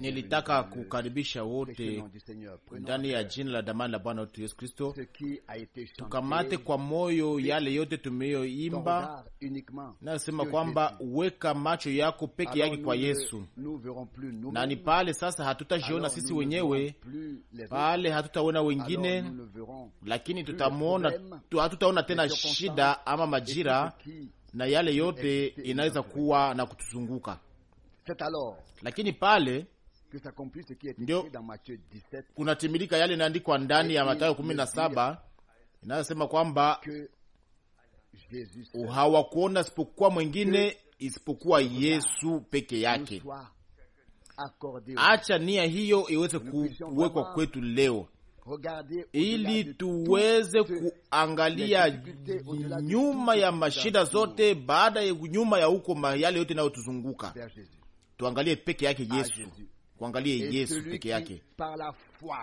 Nilitaka kukaribisha wote ndani ya jina la damani la Bwana wetu Yesu Kristo, tukamate kwa moyo yale yote tumeyoimba, nayosema kwamba weka macho yako peke yake kwa Yesu, na ni pale sasa hatutajiona sisi wenyewe, pale hatutaona wengine, lakini tutamwona, hatutaona tena shida ama majira na yale yote inaweza kuwa na kutuzunguka lakini pale ndio kunatimilika yale inaandikwa ndani ya Mathayo kumi na saba inayosema kwamba hawakuona isipokuwa mwingine isipokuwa Yesu peke yake. Acha nia hiyo iweze kuwekwa kwetu leo ili tuweze kuangalia nyuma ya mashida zote, baada ya nyuma ya huko yale yote inayotuzunguka tuangalie peke yake ah, Yesu, kuangalie Yesu peke yake,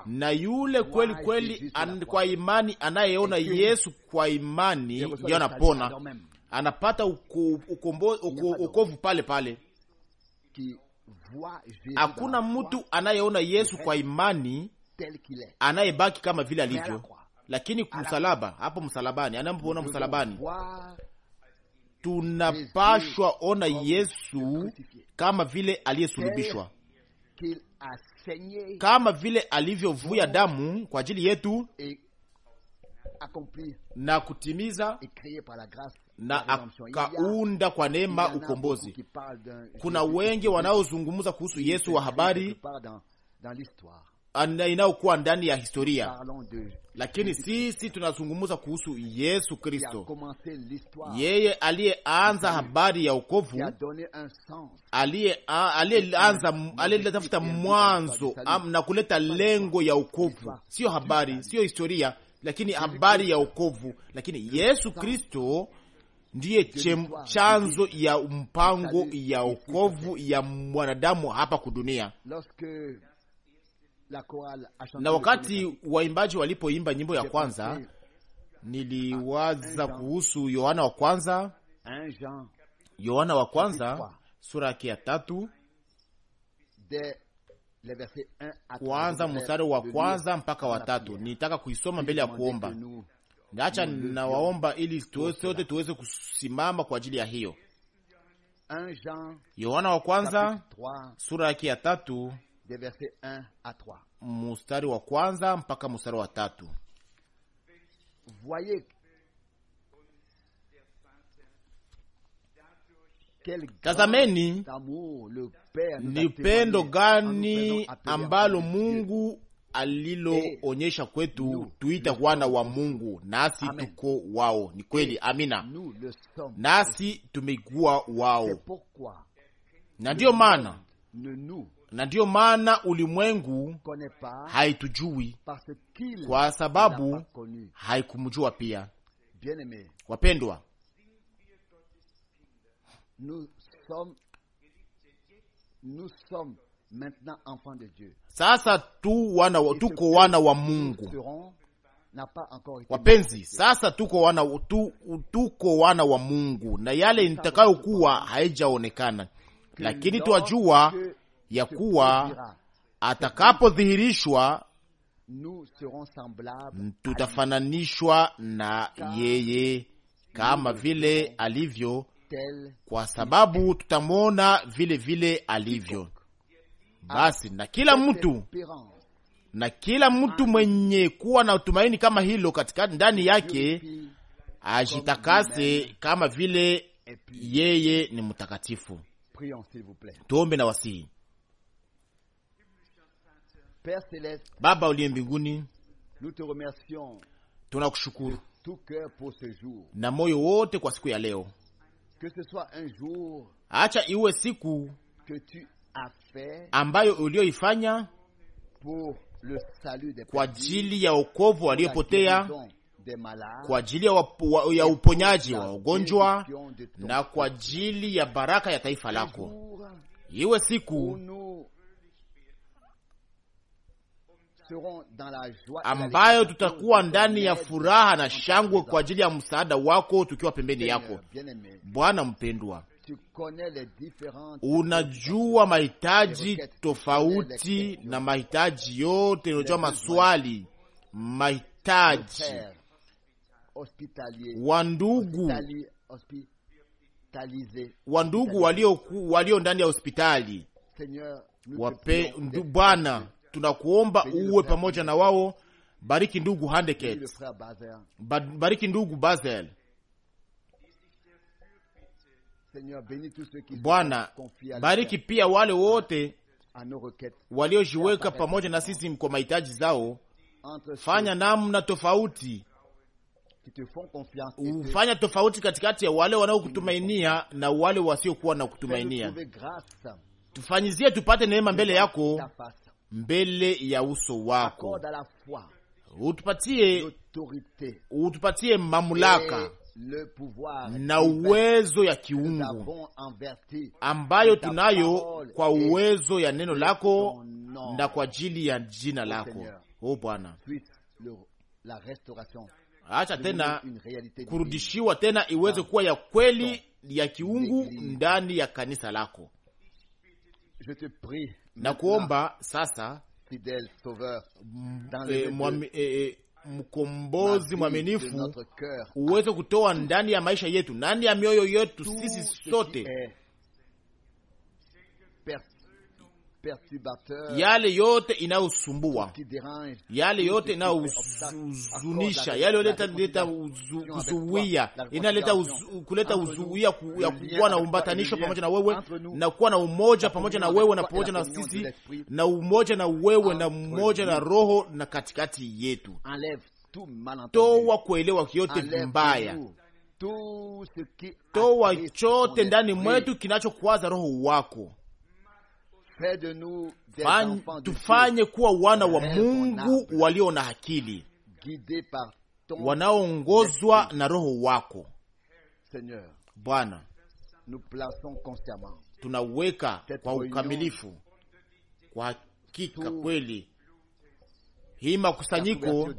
na yule kweli kweli an, kwa imani anayeona Yesu kwa imani ndio anapona, anapata ukovu pale pale. Hakuna mtu anayeona Yesu kwa imani anayebaki kama vile alivyo, lakini msalaba hapo, msalabani, anapoona msalabani tunapashwa ona Yesu kama vile aliyesulubishwa, kama vile alivyovuya damu kwa ajili yetu na kutimiza na akaunda kwa neema ukombozi. Kuna wengi wanaozungumza kuhusu Yesu wa habari inayokuwa ndani ya historia, lakini sisi tunazungumza kuhusu Yesu Kristo, yeye aliyeanza habari ya wokovu, aliyetafuta mwanzo na kuleta lengo ya wokovu, siyo habari, siyo historia, lakini habari ya wokovu. Lakini Yesu Kristo ndiye chanzo ya mpango ya wokovu ya mwanadamu hapa kudunia. Na wakati waimbaji walipoimba nyimbo ya kwanza, niliwaza kuhusu Yohana wa kwanza, Yohana wa kwanza sura yake ya tatu kuanza mstari wa kwanza mpaka wa tatu. Nitaka kuisoma mbele ya kuomba. Acha nawaomba ili sote tuweze kusimama kwa ajili ya hiyo. Yohana wa kwanza sura yake ya tatu des versets 1 à 3. Mustari wa kwanza mpaka mustari wa tatu. Voyez Tazameni ni pendo gani ambalo Mungu aliloonyesha kwetu tuita wana wa Mungu, nasi tuko wao. Ni kweli, amina, nasi tumekuwa wao, na ndiyo maana na ndiyo maana ulimwengu haitujui kwa sababu haikumjua pia. Wapendwa, sasa tu wana, tuko wana wa Mungu wapenzi, sasa tuko wana, tu, tuko wana wa Mungu na yale nitakayokuwa haijaonekana, lakini twajua ya kuwa atakapodhihirishwa tutafananishwa na yeye kama vile alivyo, kwa sababu tutamwona vile vile alivyo. Basi na kila mtu na kila mtu mwenye kuwa na utumaini kama hilo katika ndani yake ajitakase kama vile yeye ni mtakatifu. Tuombe na wasihi. Baba uliye mbinguni, tunakushukuru na moyo wote kwa siku ya leo. Acha iwe siku ambayo uliyoifanya kwa ajili ya wokovu waliopotea, kwa ajili ya, ya uponyaji wa ugonjwa na kwa ajili ya baraka ya taifa lako. Iwe siku ambayo tutakuwa ndani ya furaha na shangwe kwa ajili ya msaada wako tukiwa pembeni yako. Bwana mpendwa, unajua mahitaji tofauti na mahitaji yote, unajua maswali, mahitaji wandugu wandugu walio walio ndani ya hospitali Bwana tunakuomba uwe pamoja na wao. Bariki ndugu Handeket, bariki ndugu Basel. Bwana, bariki pia wale wote waliojiweka pamoja na sisi kwa mahitaji zao. Fanya namna tofauti, ufanya tofauti katikati ya wale wanaokutumainia na wale wasiokuwa na kutumainia. Tufanyizie tupate neema mbele yako mbele ya uso wako, utupatie utupatie mamlaka na uwezo ya kiungu ambayo tunayo kwa uwezo ya neno lako na kwa ajili ya jina lako. O Bwana, acha tena kurudishiwa tena iweze kuwa ya kweli ya kiungu ndani ya kanisa lako na kuomba sasa mm, eh, eh, eh, mkombozi mwaminifu uweze kutoa ndani ya maisha yetu, ndani ya mioyo yetu sisi sote yale yote inayosumbua, yale yote inayohuzunisha, yale yote kuzuia, inaleta kuleta uzuia ya kuwa na umbatanisho pamoja na wewe na kuwa na umoja pamoja na wewe na pamoja na sisi na umoja na wewe na mmoja na roho na katikati yetu. Toa kuelewa yote mbaya toa chote ndani mwetu kinachokwaza roho wako tufanye kuwa wana wa Mungu walio na akili wanaoongozwa na Roho wako Bwana. Tunaweka kwa ukamilifu kwa hakika kweli hii makusanyiko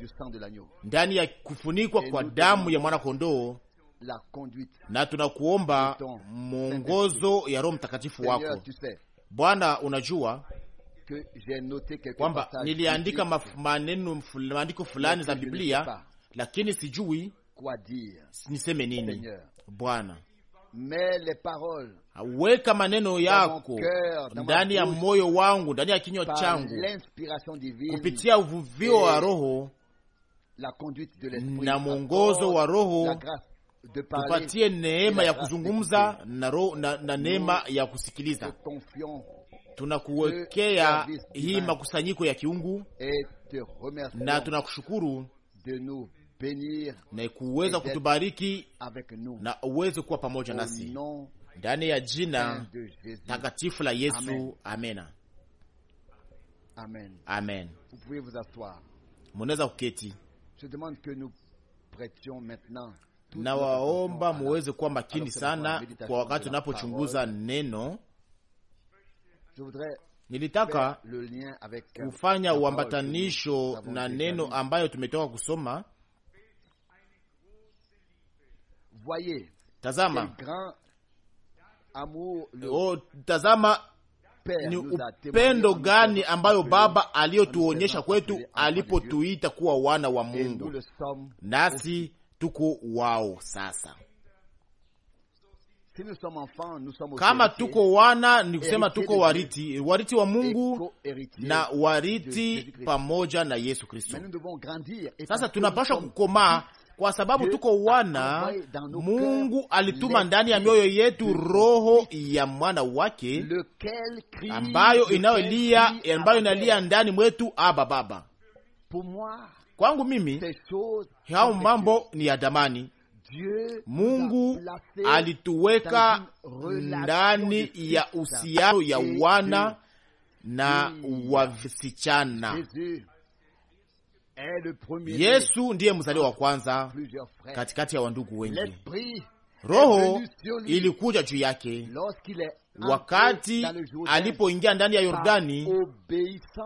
ndani ya kufunikwa kwa damu ya mwanakondoo, na tunakuomba mwongozo ya Roho Mtakatifu wako. Bwana, unajua kwamba niliandika maneno maandiko fulani za Biblia, lakini sijui niseme nini. Bwana, weka maneno yako ndani ya moyo wangu, ndani ya kinywa changu, kupitia uvuvio wa Roho na mwongozo wa Roho tupatie neema ya kuzungumza na, ro, na, na neema ya kusikiliza. Tunakuwekea hii makusanyiko ya kiungu na tunakushukuru na kuweza kutubariki na uweze kuwa pamoja nasi ndani ya jina takatifu la Yesu. Amena, amen, amen. Munaweza kuketi. Nawaomba muweze kuwa makini sana kwa wakati unapochunguza neno. Nilitaka kufanya uambatanisho na neno ambayo tumetoka kusoma. Tazama, o, oh, tazama ni upendo gani ambayo Baba aliyotuonyesha kwetu alipotuita kuwa wana wa Mungu, nasi tuko wao sasa. Kama tuko wana ni kusema tuko wariti, wariti wa Mungu na wariti pamoja na Yesu Kristo. Sasa tunapaswa kukomaa kwa sababu tuko wana. Mungu alituma ndani ya mioyo yetu roho ya mwana wake ambayo inayolia, ambayo inalia ndani mwetu, Aba Baba. Kwangu mimi hao mambo ni ya damani. Mungu alituweka ndani ya uhusiano ya wana na wasichana. Yesu ndiye mzaliwa wa kwanza katikati ya wandugu wengi. Roho ilikuja juu yake wakati alipoingia ndani ya Yordani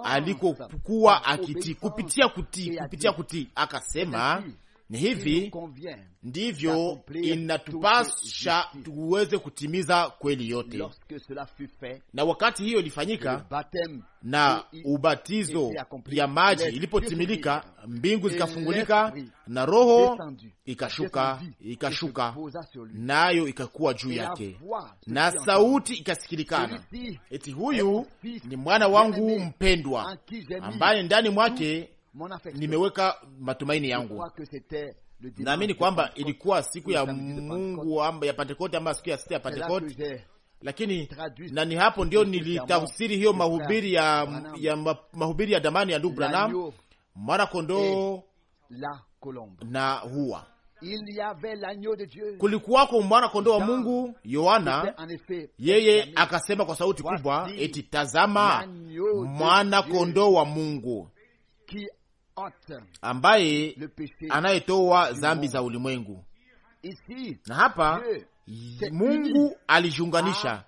alikokuwa akiti kupitia kutii kupitia kutii, akasema ni hivi ndivyo inatupasha tuweze kutimiza kweli yote. Na wakati hiyo ilifanyika na ubatizo ya maji ilipotimilika, mbingu zikafungulika na Roho ikashuka ikashuka, nayo ikakuwa juu yake, na sauti ikasikilikana, eti huyu ni mwana wangu mpendwa, ambaye ndani mwake nimeweka matumaini yangu. Naamini kwamba ilikuwa siku ya Mungu amba ya Pentekote ama siku ya sita ya Pentekote, lakini na ni hapo ndio nilitafsiri hiyo mahubiri ya, ya mahubiri ya damani ya ndugu Branham, mwana kondoo na hua kulikuwako mwana kondoo wa Mungu. Yohana yeye akasema kwa sauti kubwa, eti tazama mwana kondoo wa Mungu ambaye anayetoa zambi za ulimwengu. Na hapa Mungu alijiunganisha,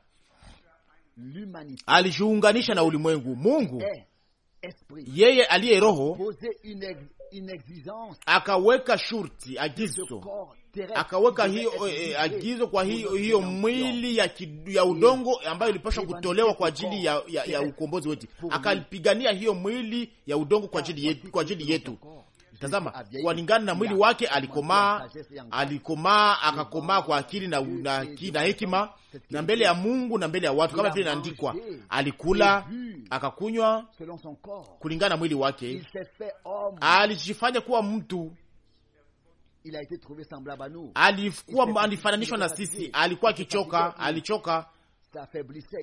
alijiunganisha na ulimwengu. Mungu eh, yeye aliye roho akaweka shurti agizo akaweka hiyo eh, eh, agizo kwa hiyo hiyo mwili ya, ya udongo ambayo ilipaswa kutolewa kwa ajili ya, ya, ya ukombozi wetu, akalipigania hiyo mwili ya udongo kwa ajili yetu, kwa ajili yetu. Tazama, walingana na mwili wake alikomaa, alikomaa akakomaa kwa akili na, na, na hekima na mbele ya Mungu na mbele ya watu, kama vile inaandikwa, alikula akakunywa kulingana na mwili wake, alijifanya kuwa mtu alikuwa alifananishwa na sisi, alikuwa akichoka, alichoka,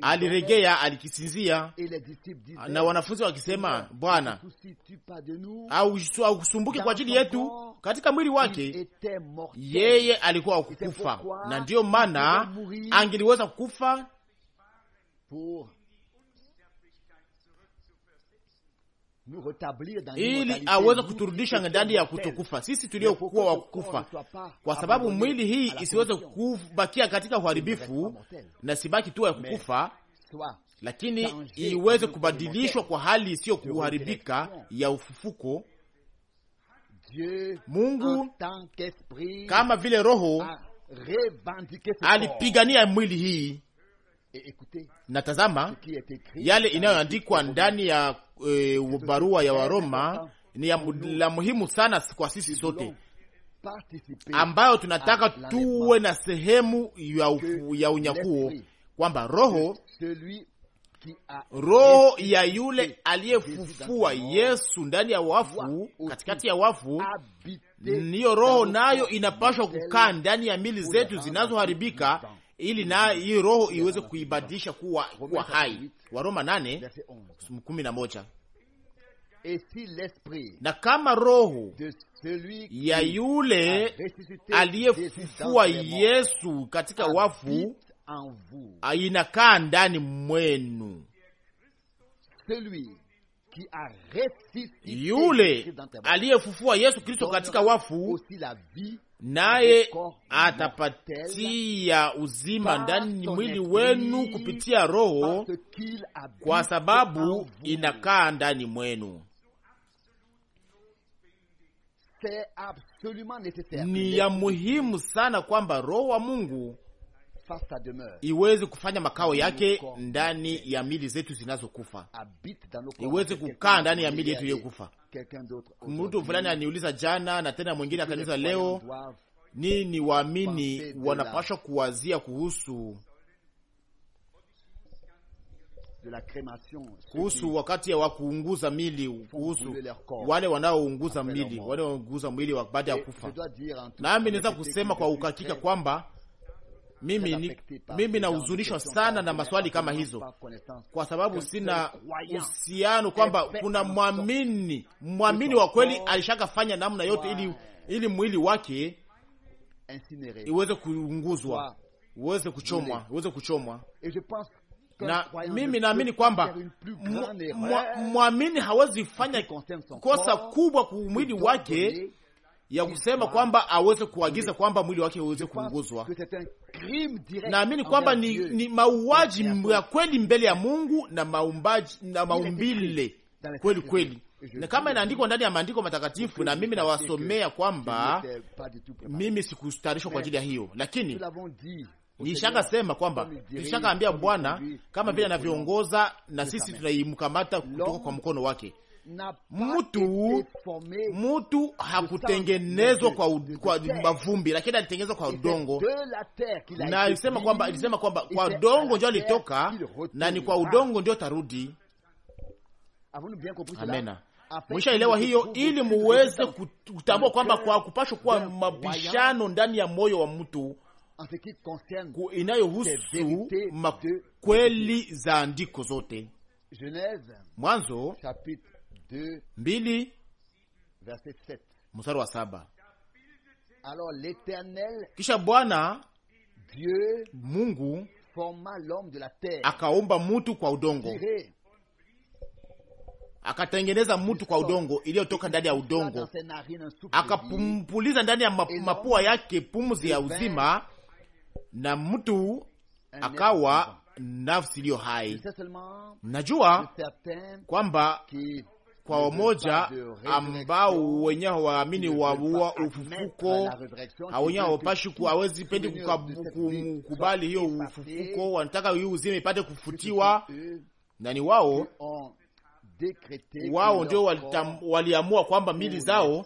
aliregea, alikisinzia, na wanafunzi wakisema, Bwana, ausumbuke kwa ajili yetu katika mwili wake yeye alikuwa akukufa, na ndiyo maana angeliweza kukufa ili aweze kuturudisha ndani ya kutokufa, sisi tuliokuwa wakufa, kwa sababu mwili hii isiweze kubakia katika uharibifu na sibaki tu ya kukufa, lakini iweze kubadilishwa kwa hali isiyo kuharibika ya ufufuko. Mungu kama vile Roho alipigania mwili hii, na tazama yale inayoandikwa ndani ya eh, barua ya Waroma ni ya la muhimu sana kwa sisi sote ambayo tunataka tuwe na sehemu ya, ya unyakuo kwamba roho roho ya yule aliyefufua Yesu ndani ya wafu, katikati ya wafu, niyo roho nayo inapashwa kukaa ndani ya mili zetu zinazoharibika ili na hii roho iweze kuibadilisha kuwa, kuwa hai. wa Roma 8:11 na Na kama roho ya yule aliyefufua Yesu katika wafu inakaa ndani mwenu, yule aliyefufua Yesu Kristo katika wafu naye atapatia uzima ndani mwili wenu kupitia Roho, kwa sababu inakaa ndani mwenu. Ni ya muhimu sana kwamba Roho wa Mungu iweze kufanya makao yake ndani ya mili zetu zinazokufa, iweze kukaa ndani ya mili yetu iliyokufa. Mtu fulani aniuliza jana na tena mwingine akaniuliza leo, nini waamini wanapashwa kuwazia kuhusu kuhusu wakati wa kuunguza mili, kuhusu wale wanaounguza mili, wanaounguza mwili baada ya kufa. Nami naweza kusema kwa uhakika kwamba mimi, mimi nahuzunishwa sana na maswali kama hizo, kwa sababu sina uhusiano kwamba kuna mwamini mwamini wa kweli alishakafanya namna yote ili, ili mwili wake iweze kuunguzwa, uweze kuchomwa, uweze kuchomwa na mimi naamini kwamba mwamini hawezi fanya kosa kubwa mwili wake ya kusema kwamba aweze kuagiza kwamba mwili wake uweze kuunguzwa. Naamini kwamba ni, ni mauaji ya kweli mbele ya Mungu na maumbaji na maumbile kweli kweli, na kama inaandikwa ndani ya maandiko matakatifu, na mimi nawasomea kwamba mimi sikustarishwa kwa ajili ya hiyo, lakini nishaka sema kwamba tulishaka ambia Bwana kama vile anavyoongoza, na sisi tunaimkamata kutoka kwa mkono wake mutu mutu hakutengenezwa kwa, kwa mavumbi, lakini alitengenezwa kwa udongo, na alisema kwamba alisema kwamba kwa udongo ndio alitoka na ni kwa udongo ndio tarudi. Amena. Mwishaelewa hiyo, ili muweze kutambua kwamba kwa kupashwa kuwa mabishano ndani ya moyo wa mtu inayohusu makweli za andiko zote. Mwanzo mbili mstari wa saba. Kisha Bwana Mungu akaumba mutu kwa udongo, akatengeneza mutu kwa udongo iliyotoka ndani ya udongo, akapumpuliza ndani ya mapua yake pumzi ya uzima, na mtu akawa nafsi iliyo hai. Najua kwamba kwa wamoja ambao wenye waamini wa ufufuko wenyewe hawapashi awezi pendi kukubali hiyo ufufuko, wanataka hiyo uzima ipate kufutiwa na ni wao wao ndio waliamua kwamba mili zao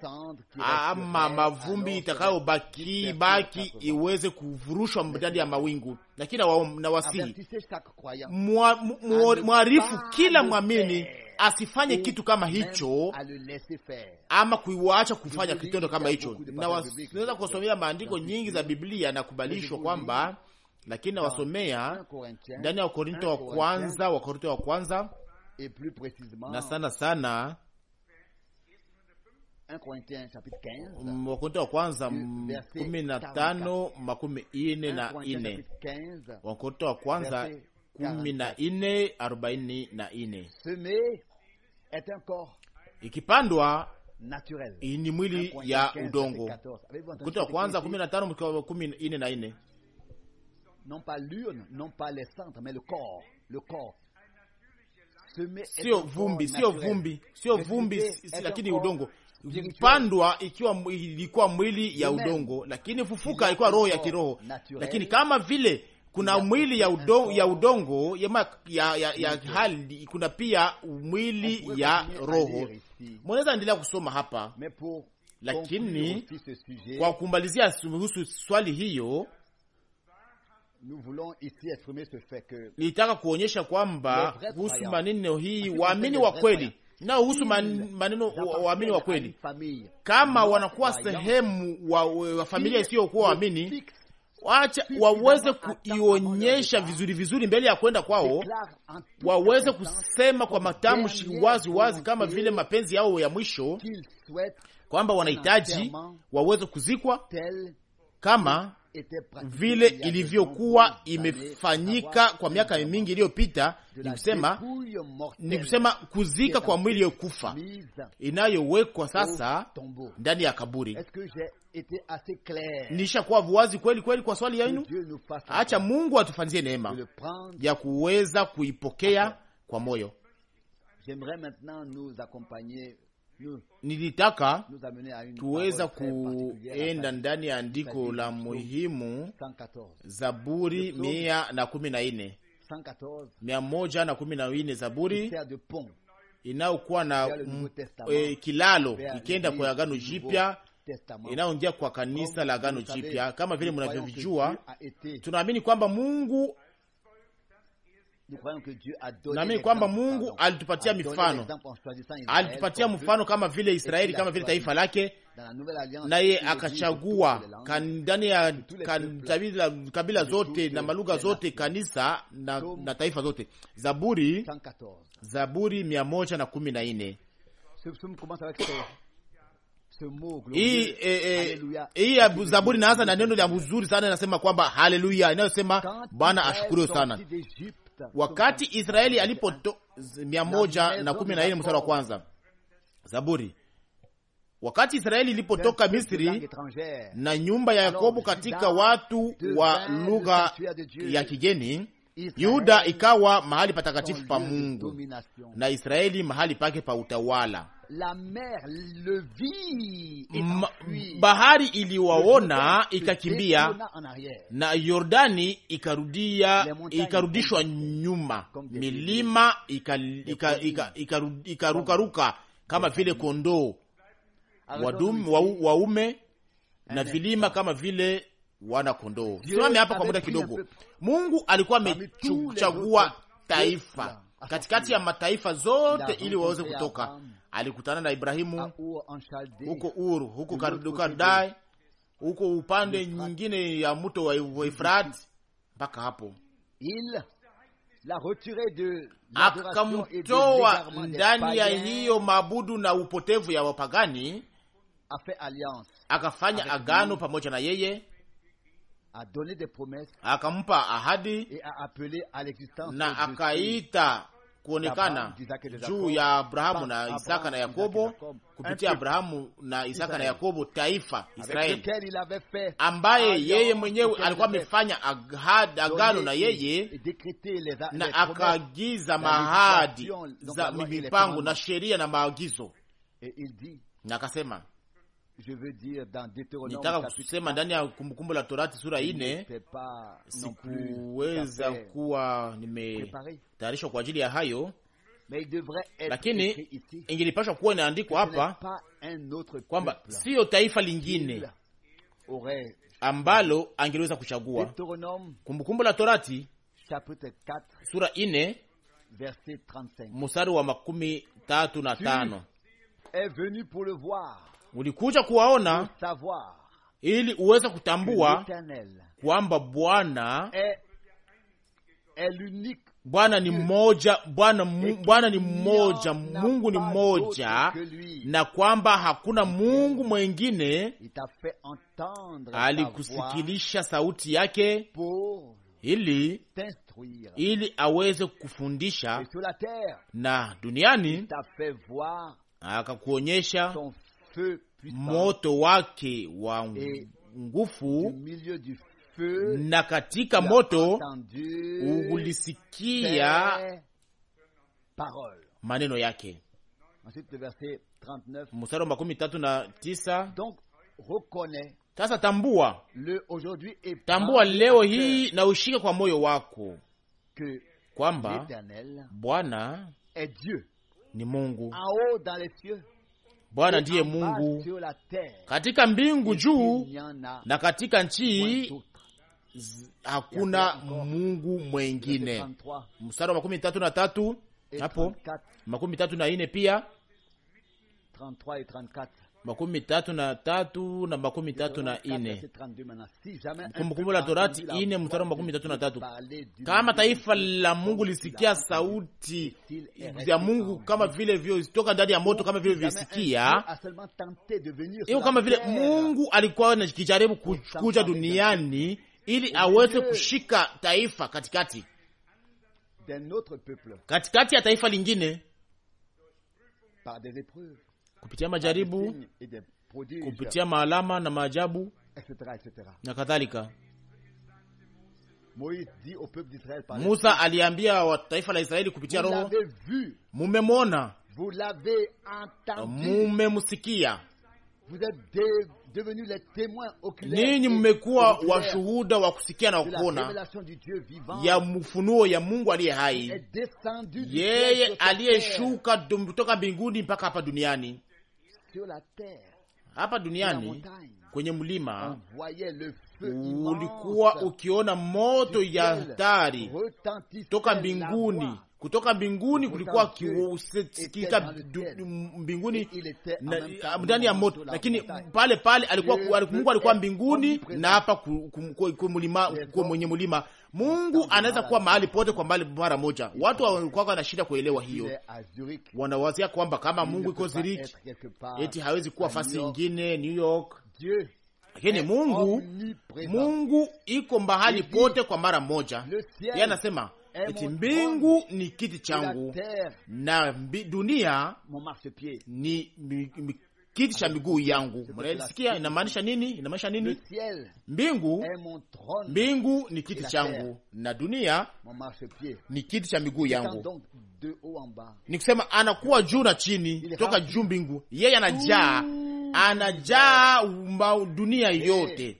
ama mavumbi itakayobaki baki iweze kuvurushwa ndani ya mawingu. Lakini na wasihi mwarifu kila mwamini asifanye kitu kama hicho ama kuiwacha kufanya kitendo kama hicho. Naweza kusomea maandiko nyingi za Biblia na kubalishwa kwamba, lakini nawasomea ndani ya Wakorinto wa kwanza, Wakorinto wa kwanza na sana sana Wakorinto wa kwanza kumi na tano makumi ine na ine Wakorinto wa kwanza kumi na ine arobaini na ine ikipandwa ni mwili ya udongo. Kuta wa kwanza kumi na tano mkiwa kumi nne na nne sio vumbi, sio vumbi, sio vumbi, lakini udongo pandwa ikiwa ilikuwa mwili ya udongo, lakini fufuka ilikuwa roho ya kiroho, lakini kama vile kuna mwili ya udongo, ya udongo ya, ya, ya, ya hali, kuna pia mwili ya roho. Mwanaweza endelea kusoma hapa, lakini kwa kumalizia kuhusu swali hiyo nitaka kuonyesha kwamba kuhusu maneno hii waamini wa kweli nao husu maneno waamini wa kweli, kama wanakuwa sehemu wa, wa familia isiyokuwa waamini wacha waweze kuionyesha vizuri vizuri mbele ya kwenda kwao, waweze kusema kwa matamshi wazi wazi, kama vile mapenzi yao ya mwisho, kwamba wanahitaji waweze kuzikwa kama vile ilivyokuwa imefanyika kwa miaka mingi iliyopita, ni kusema ni kusema kuzika kwa mwili yokufa inayowekwa sasa ndani ya kaburi. Nishakuwa vuwazi kweli kweli kwa swali yenu. Acha Mungu atufanizie neema ya kuweza kuipokea kwa moyo nilitaka tuweza kuenda ndani ya andiko la muhimu Zaburi mia na kumi na nne mia moja na kumi na nne Zaburi inayokuwa na e, kilalo ikienda kwa Agano Jipya inayoingia kwa kanisa la Agano Jipya. Kama vile mnavyovijua, tunaamini kwamba Mungu nami kwamba Mungu alitupatia mifano, alitupatia mfano kama vile Israeli, kama vile taifa lake, naye akachagua ndani ya kabila zote na malugha zote, kanisa na, na taifa zote. Zaburi, Zaburi mia moja na kumi na nne. Hii eh, eh Zaburi naanza na neno la uzuri sana, inasema kwamba haleluya, inayosema Bwana ashukuriwe sana wakati Israeli alipo mia moja na kumi na nne mstari wa kwanza Zaburi wakati Israeli ilipotoka Misri na nyumba ya Yakobo katika watu wa lugha ya kigeni, Yuda ikawa mahali patakatifu pa Mungu na Israeli mahali pake pa utawala la mer, le vit bahari iliwaona ikakimbia, na Yordani ikarudia ikarudishwa nyuma, milima ikarukaruka kama vile kondoo waume na vilima kama vile wana kondoo. Tusimame hapa kwa muda kidogo. Mungu alikuwa amechagua taifa katikati ya mataifa zote ili waweze kutoka. Alikutana na Ibrahimu huko Uru, huko Kardukadai, huko upande nyingine ya mto wa Efrati mpaka hapo akamtoa ndani ya hiyo mabudu na upotevu ya wapagani, akafanya agano pamoja na yeye, akampa ahadi na akaita kuonekana juu ya Abrahamu na Isaka na Yakobo, kupitia Abrahamu na Isaka na Yakobo, taifa Israeli, ambaye yeye mwenyewe alikuwa amefanya agano na yeye na akaagiza mahadi za mipango na sheria na maagizo, na akasema Je nitaka kusema ndani ya Kumbukumbu la Torati sura ine, sikuweza kuwa nimetayarishwa kwa ajili ya hayo, lakini ingelipashwa kuwa inaandikwa hapa kwamba siyo taifa lingine ambalo angeliweza kuchagua. Kumbukumbu la Torati sura ine mstari wa makumi tatu na tano ulikuja kuwaona ili uweze kutambua kwamba Bwana Bwana ni mmoja, Bwana Bwana ni mmoja, Mungu ni mmoja, na kwamba hakuna Mungu mwengine. Alikusikilisha sauti yake ili ili aweze kufundisha na duniani akakuonyesha moto wake wa nguvu, na katika moto ulisikia maneno yake. Mstari wa makumi tatu na tisa. Sasa tambua, tambua leo hii na ushike kwa moyo wako kwamba Bwana ni Mungu Bwana ndiye Mungu katika mbingu juu na katika nchi hakuna Mungu mwengine. Mstari wa makumi tatu na tatu hapo makumi tatu na ine pia makumi tatu na tatu na makumi tatu na ine Kumbukumbu la Torati ine mstari makumi tatu na tatu Kama taifa la Mungu lisikia sauti ya Mungu kama vile vyotoka ndani ya moto, kama vile vyosikia hiyo, kama vile Mungu alikuwa na kijaribu kuja duniani ili aweze kushika taifa katikati katikati ya taifa lingine kupitia majaribu, kupitia maalama na maajabu na kadhalika. Musa aliambia wa taifa la Israeli kupitia Roho, mumemwona, mumemsikia, ninyi mmekuwa washuhuda wa kusikia na kuona ya mfunuo ya Mungu aliye hai, yeye aliyeshuka kutoka mbinguni mpaka hapa duniani hapa duniani kwenye mlima ulikuwa ukiona moto ya hatari toka mbinguni kutoka mbinguni kulikuwa kiusikika mbinguni ah, ndani ya moto, lakini pale pale alikuwa Mungu alikuwa mbinguni na hapa kwa mwenye mulima. Mungu anaweza kuwa mahali pote kwa mahali mara moja. Watu walikuwa na shida kuelewa hiyo, wanawazia kwamba kama Mungu iko Zurich eti hawezi kuwa fasi ingine New York, lakini Mungu Mungu iko mahali pote kwa mara moja. Yeye anasema eti mbingu ni kiti changu na mbi, dunia ni mi, mi, kiti cha miguu yangu. Mnasikia inamaanisha nini? Inamaanisha nini? Mbingu, mbingu ni kiti changu na dunia ni kiti cha miguu yangu. Ni kusema anakuwa juu na chini, toka juu mbingu, yeye anajaa, anajaa dunia eh. yote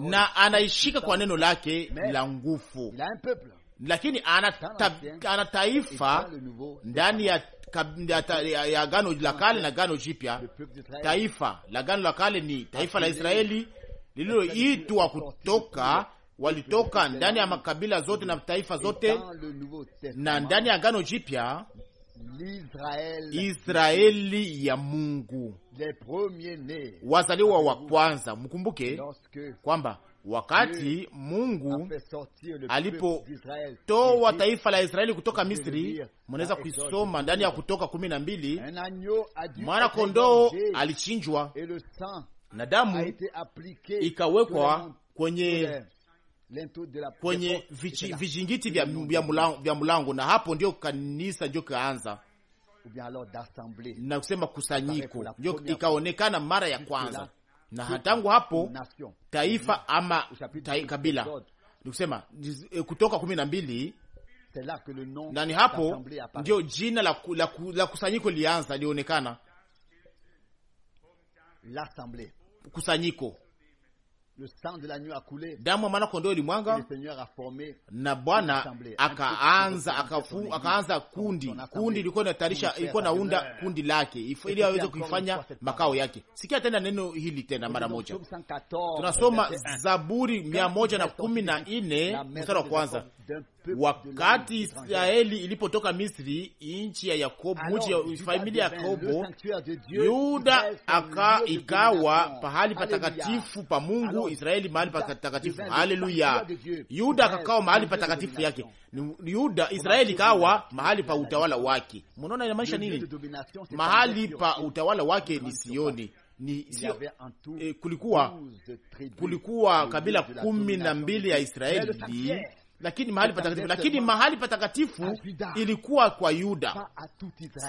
na anaishika kwa neno lake la nguvu, lakini ana, ana taifa ndani ya ya gano la kale na gano jipya. Taifa la gano la kale ni taifa la Israeli lililoitwa kutoka, walitoka ndani ya makabila zote na taifa zote, na ndani ya gano jipya Israeli ya Mungu wazaliwa wa kwanza. Mkumbuke kwamba wakati Mungu alipotoa taifa la Israeli kutoka Misri, mnaweza kuisoma ndani ya Kutoka kumi na mbili, mwana kondoo alichinjwa na damu ikawekwa kwenye kwenye vijingiti vya mlango, na hapo ndio kanisa ndio kaanza na kusema kusanyiko, ndio ikaonekana mara ya kwanza, na hatangu hapo taifa ama taifa, kabila ni kusema eh, Kutoka kumi na mbili ndani hapo ndio jina la, la, la kusanyiko lianza lionekana kusanyiko damu ya mwana kondoo ilimwanga, na Bwana akaanza akaanza kundi kundi, ilikuwa inatayarisha, ilikuwa naunda kundi lake ili aweze kuifanya makao yake. Sikia tena neno hili tena mara moja, tunasoma Zaburi mia moja na kumi na nne mstari wa kwanza Wakati Israeli ilipotoka Misri, nchi ya Yakobo, nchi ya familia ya Yakobo, Yuda aka ikawa pahali patakatifu pa Mungu, Israeli mahali patakatifu. Haleluya! Yuda akakawa mahali patakatifu yake, Yuda Israeli ikawa mahali pa utawala wake. Mnaona inamaanisha nini? Mahali pa utawala wake ni Sioni ni sio, eh, kulikuwa kulikuwa kabila kumi na mbili ya Israeli lakini mahali patakatifu, lakini mahali patakatifu ilikuwa kwa Yuda,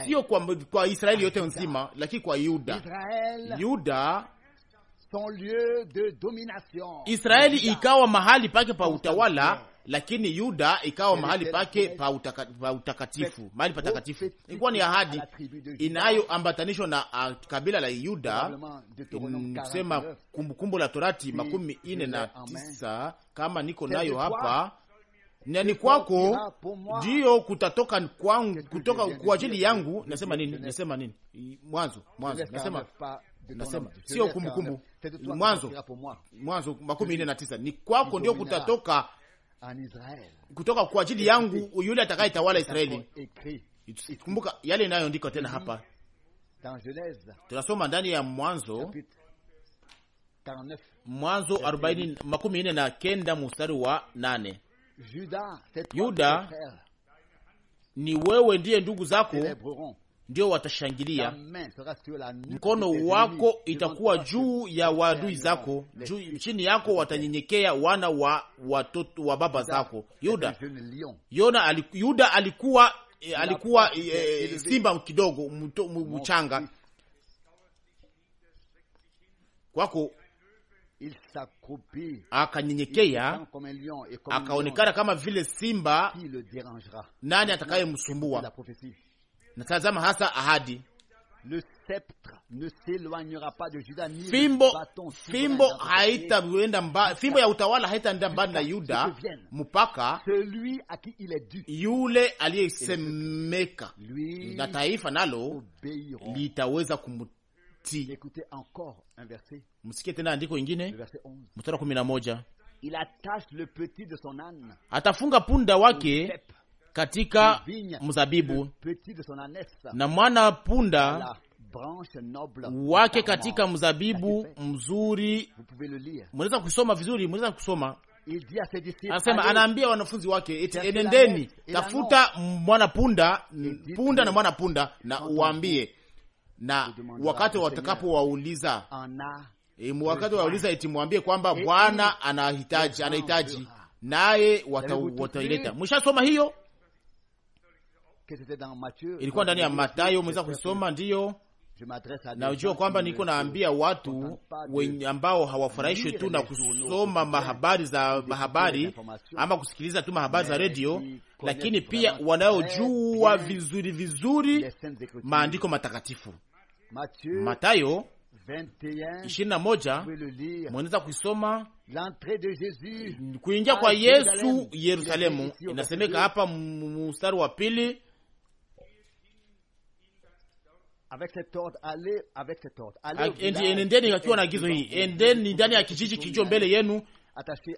sio kwa, kwa Israeli yote nzima, lakini kwa Yuda. Yuda Israeli ikawa mahali pake pa utawala, lakini Yuda ikawa mahali pake pa utakatifu. Mahali patakatifu ilikuwa ni ahadi inayoambatanishwa na ah, kabila la Yuda, kusema Kumbukumbu la Torati makumi ine na tisa, kama niko nayo hapa na ni kwako ndiyo kutatoka kwangu, kutoka kwa ajili yangu. Nasema nini? Nasema nini? Mwanzo, Mwanzo nasema nasema sio Kumbukumbu, Mwanzo, Mwanzo makumi nne na tisa ni kwako ndio kutatoka kutoka kwa ajili yangu yule atakaye tawala Israeli. Kumbuka yale inayoandikwa tena hapa, tunasoma ndani ya Mwanzo, Mwanzo arobaini makumi nne na kenda mustari wa nane. Yuda, ni wewe ndiye ndugu zako ndio watashangilia. Mkono wako itakuwa juu ya waadui zako, juu chini yako watanyenyekea wana wa watoto wa baba zako. Yuda Yona aliku, Yuda alikuwa eh, alikuwa e, simba kidogo mchanga kwako akanyenyekea, akaonekana kama vile simba. Nani atakayemsumbua? Natazama hasa ahadi fimbo fimbo haitaenda mbali, fimbo ya utawala haitaenda mbali na Yuda mpaka yule aliyesemeka na taifa nalo litaweza kumu mti. Msikie tena andiko ingine, mstari kumi na moja atafunga punda wake katika mzabibu na mwana punda wake katika mzabibu mzuri. Mnaweza kusoma vizuri, mnaweza kusoma Anasema, anaambia wanafunzi wake eti, enendeni tafuta mwana punda, punda na mwana punda, na uambie na wakati watakapowauliza eh, wakati wauliza eti mwambie kwamba Bwana anahitaji anahitaji, naye wataileta. Mshasoma hiyo, ilikuwa ndani ya Matayo, mweza kusoma ndiyo na ujua kwamba niko naambia watu wen, ambao hawafurahishwe tu na kusoma mahabari za mahabari ama kusikiliza tu mahabari za redio, lakini pia wanayojua vizuri vizuri maandiko matakatifu. Matayo ishirini na moja mweneza kuisoma kuingia kwa Yesu Yerusalemu, inasemeka hapa mstari wa pili endeni ah, akiwa na agizo hii, endeni ndani ya kijiji kilicho mbele yenu,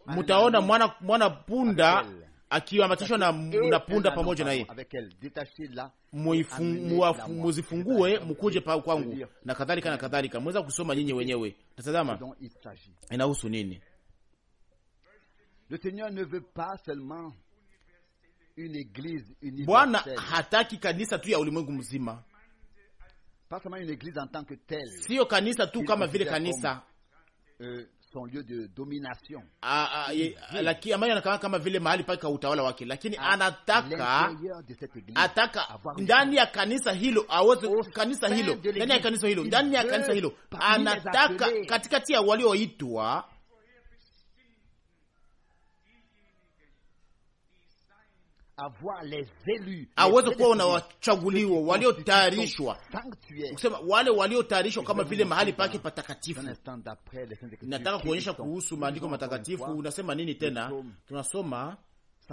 mutaona mwana mwana punda akiambatishwa na, na punda pamoja naye, muzifungue mukuje pa kwangu, na kadhalika na kadhalika. Mweza kusoma nyinyi wenyewe. Tazama inahusu nini? Bwana hataki kanisa tu ya ulimwengu mzima sio kanisa tu kama vile kanisa euh, ah, ah, ah, ambayo anakaa kama vile mahali pake ka utawala wake, lakini anataka ataka ndani ya kanisa hilo aweze kanisa hilo ndani ya kanisa hilo ndani ya kanisa hilo anataka katikati ya walioitwa aweze kuwa na wachaguliwa waliotayarishwa, kusema wale waliotayarishwa kama vile mahali pake patakatifu. Nataka kuonyesha kuhusu maandiko matakatifu unasema nini tena. Tunasoma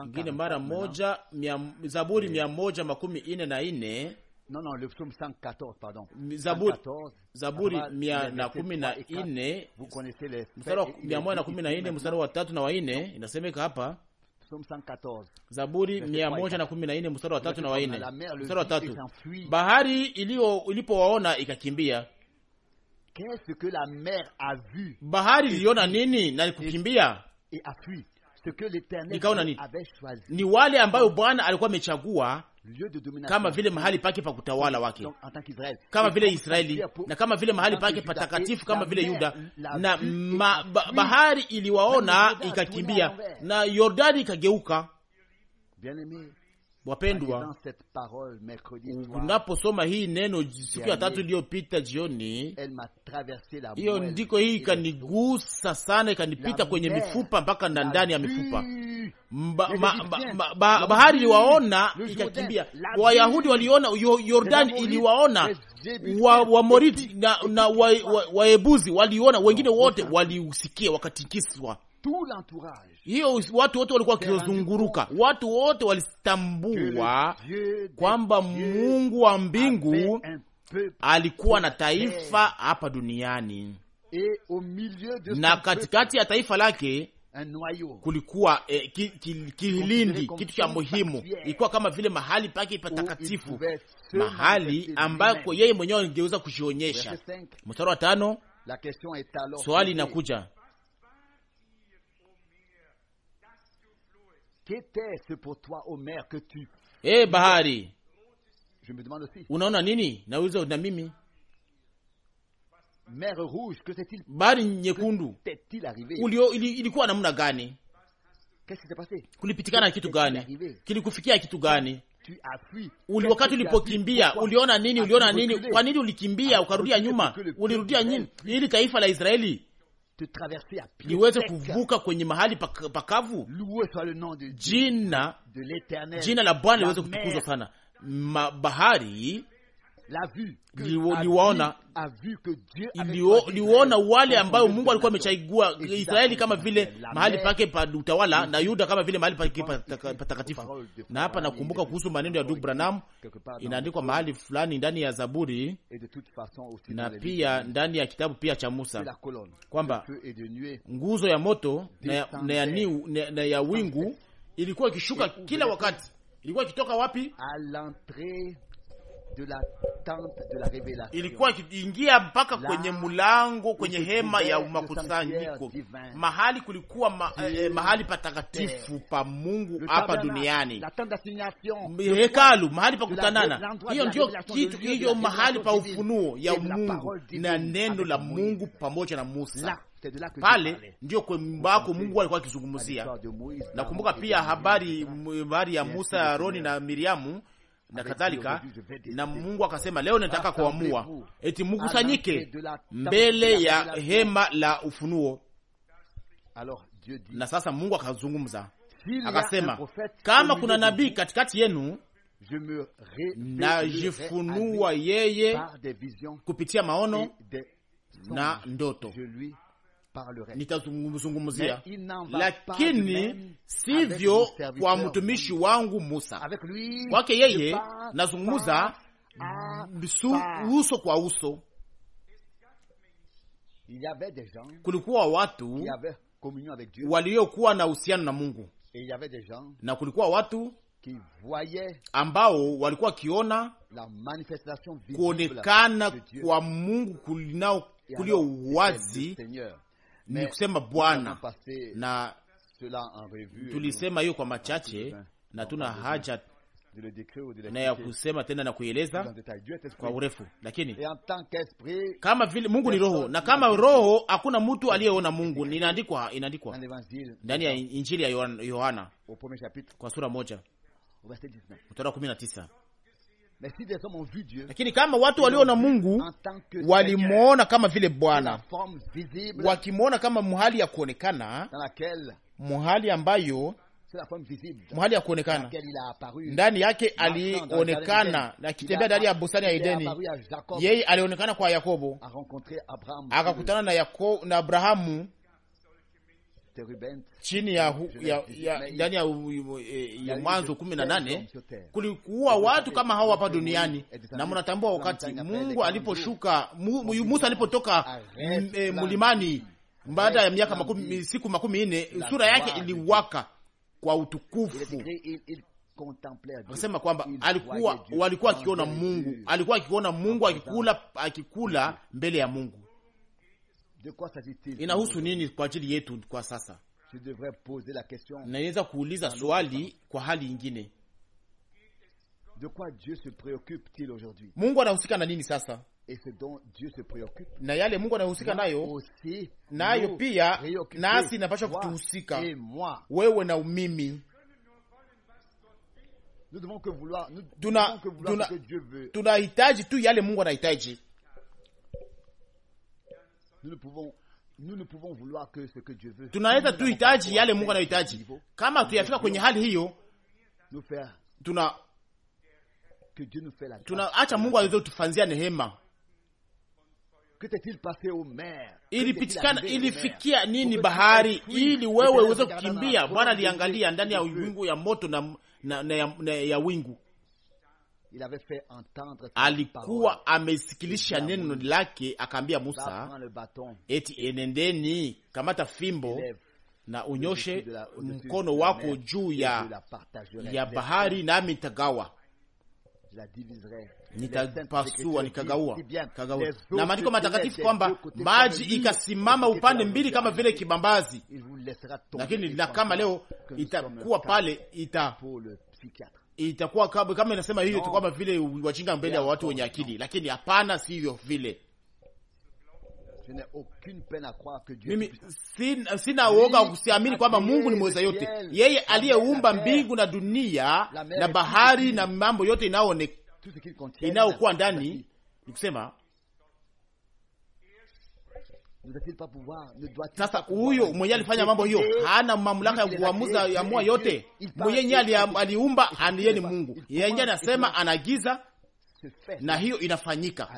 ingine mara moja mia, Zaburi mia moja makumi ine na ine Non, non, le psaume 114, pardon. Zaburi, Zaburi mia na kumi na ine mstari wa mia moja na kumi na ine mstari wa tatu na wa ine inasemeka hapa Zaburi mia moja na kumi na nne mstari wa tatu na wanne mstari wa tatu bahari iliyo ilipowaona ikakimbia. Bahari iliona nini na kukimbia ikaona nini? Ni wale ambayo Bwana alikuwa amechagua kama vile mahali pake pa kutawala wake, kama vile Israeli na kama vile mahali pake patakatifu, kama vile Yuda na ma, bahari iliwaona ikakimbia na Yordani ikageuka. Wapendwa, unaposoma hii neno siku ya tatu iliyopita jioni, hiyo ndiko hii ikanigusa sana, ikanipita kwenye mifupa mpaka na ndani ya mifupa bahari iliwaona ikakimbia. Wayahudi waliona, Yordani iliwaona, Wamoriti wa na, na Waebuzi wa, wa waliona, wengine wote waliusikia wakatikiswa. Hiyo watu wote walikuwa wakizunguruka, watu wote walitambua kwamba Mungu wa mbingu alikuwa na taifa hapa duniani, na katikati ya taifa lake kulikuwa eh, kilindi ki, kitu cha muhimu, ilikuwa kama vile mahali pake patakatifu, mahali ambako yeye mwenyewe angeweza kujionyesha. Mstari wa tano, swali inakuja Eh, bahari unaona nini? Naweza na mimi bahari nyekundu ulio, ili, ilikuwa namna gani? Kulipitikana kitu gani? Kilikufikia kitu gani? Uli wakati ulipokimbia uliona nini? Uliona nini? Kwa nini ulikimbia ukarudia nyuma? Ulirudia nini? Ili taifa la Israeli liweze kuvuka kwenye mahali pakavu. Jina, jina la Bwana liweze kutukuzwa sana. Mabahari liwaona liwaona wale ambayo Mungu alikuwa amechagua Israeli kama vile mahali pake pa utawala na Yuda kama vile mahali pake patakatifu. Na hapa nakumbuka kuhusu maneno ya ndugu Branham, inaandikwa mahali fulani ndani ya Zaburi na pia ndani ya kitabu pia cha Musa kwamba nguzo ya moto na ya, ya, na ya wingu ilikuwa ikishuka kila wakati ilikuwa ikitoka wapi? de la tente de la ilikuwa ikiingia mpaka kwenye mlango kwenye hema ya makusanyiko, mahali kulikuwa ma, eh, eh mahali patakatifu pa Mungu hapa duniani, eh, hekalu, mahali pa kutanana. Hiyo ndio kitu hiyo, mahali pa ufunuo ya Mungu na neno la Mungu pamoja na Musa pale ndio kwembako Mungu alikuwa akizungumzia. Nakumbuka pia habari habari ya Musa, Aroni na Miriamu na kadhalika. Na Mungu akasema, leo nataka kuamua eti mkusanyike mbele ya hema la ufunuo. Na sasa Mungu akazungumza akasema, kama kuna nabii katikati yenu najifunua yeye kupitia maono na ndoto nitazungumzungumzia, lakini sivyo kwa mtumishi wangu Musa. Kwake yeye nazungumza uso kwa uso. Kulikuwa watu waliokuwa na uhusiano na Mungu na kulikuwa watu ambao walikuwa wakiona kuonekana kwa Mungu kulio wazi ni kusema Bwana, na tulisema hiyo kwa machache, na tuna haja na ya kusema tena na kueleza kwa urefu, lakini kama vile Mungu ni roho na kama roho hakuna mtu aliyeona Mungu. Inaandikwa, inaandikwa ndani ya Injili ya Yohana kwa sura moja mstari kumi na tisa lakini kama watu walio na Mungu walimwona kama vile Bwana, wakimwona kama muhali ya kuonekana, muhali ambayo mhali ya kuonekana ndani yake alionekana akitembea ndani ya bustani ya Edeni. Yeye alionekana kwa Yakobo akakutana na, na Abrahamu chini ya ndani ya e- e- Mwanzo kumi na nane kulikuwa watu kama hao hapa duniani, na mnatambua wakati Mungu aliposhuka Musa alipotoka mm, eh, mlimani baada ya miaka makumi, siku makumi nne, sura yake iliwaka kwa utukufu. kwamba alikuwa walikuwa akiona Mungu, alikuwa akiona Mungu akikula akikula mbele ya Mungu Inahusu nini kwa ajili yetu kwa sasa? Naweza kuuliza swali kwa hali ingine, Mungu anahusika na nini sasa? Et ce dont Dieu se préoccupe, na yale Mungu anahusika nayo nayo pia nasi inapasha kutuhusika, wewe na umimi. Tunahitaji tu yale Mungu anahitaji, tunaweza tuhitaji yale Mungu anayohitaji. Kama tuyafika kwenye hali hiyo, tuna tunaacha Mungu alizotufanzia nehema Ilipitikana, ilifikia nini bahari ili wewe uweze kukimbia? Bwana aliangalia ndani ya wingu ya moto na, na, na, na, na ya wingu alikuwa amesikilisha neno lake, akaambia Musa eti, enendeni kamata fimbo na unyoshe mkono wako juu ya ya bahari, nami nitagawa nitapasua nikagaua kagaua. Na maandiko matakatifu kwamba maji ikasimama upande mbili kama vile kibambazi, lakini na kama leo itakuwa pale ita itakuwa kama, kama inasema hiyo no. kwamba vile wajinga mbele ya watu wenye akili, lakini hapana, sivyo vile. Mimi sina, sina woga kusiamini kwamba Mungu ni mweza yote, yeye aliyeumba mbingu na dunia na bahari na mambo yote inayokuwa ndani, ni kusema sasa huyo mwenye alifanya mambo hiyo hana mamlaka ya kuamuza amua yote. Mwenye aliumba aniye ni Mungu, yeye anasema, anagiza na hiyo inafanyika,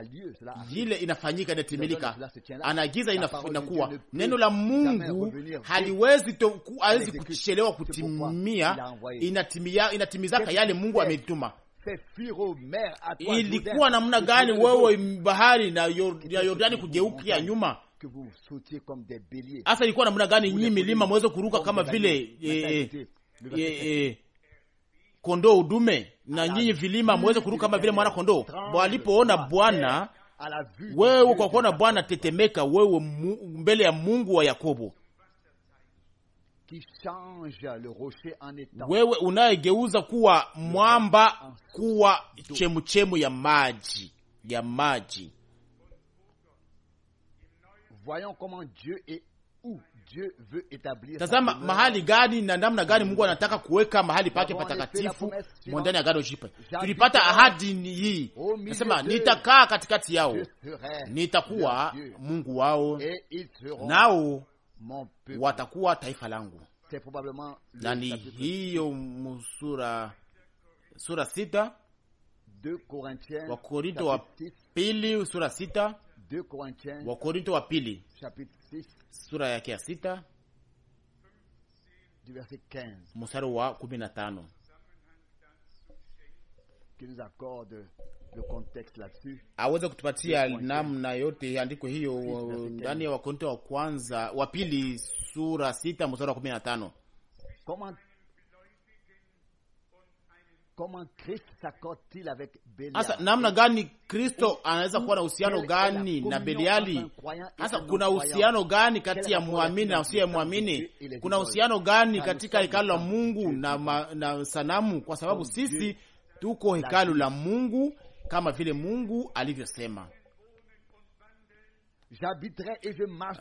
ile inafanyika, inatimilika, anaagiza inakuwa. Neno la Mungu haliwezi hawezi kuchelewa kutimia, inatimia, inatimizaka yale Mungu ametuma. Ilikuwa namna gani wewe bahari na Yordani kugeukia nyuma Hasa ilikuwa namna gani nyinyi milima mweze kuruka kama vile eh, eh eh, eh, eh, kondoo udume, na nyinyi vilima mweze kuruka kama vile mwana kondoo. Walipoona Bwana wewe, kwa kuona Bwana tetemeka wewe mbele ya Mungu wa Yakobo, wewe unayegeuza kuwa mwamba kuwa chemuchemu ya maji ya maji Tazama mahali gani na namna gani Mungu anataka kuweka mahali pake patakatifu ndani ya gano jipe. Tulipata ahadi ni hii, nasema nitakaa katikati yao, nitakuwa Mungu wao, nao watakuwa taifa langu. Na ni hiyo sura sura sita wa Korinto wa pili sura sita Korinto wa pili sura yake ya sita mstari wa kumi na tano aweze kutupatia namna yote andiko hiyo ndani ya Wakorinto wa kwanza wa pili sura sita mstari wa kumi na tano. Hasa namna gani Kristo anaweza kuwa na uhusiano gani na Beliali? asa kuna uhusiano gani kati ya mwamini na usiyemwamini? Kuna uhusiano gani katika hekalu la Mungu na, ma, na sanamu? Kwa sababu sisi tuko hekalu la Mungu kama vile Mungu alivyosema,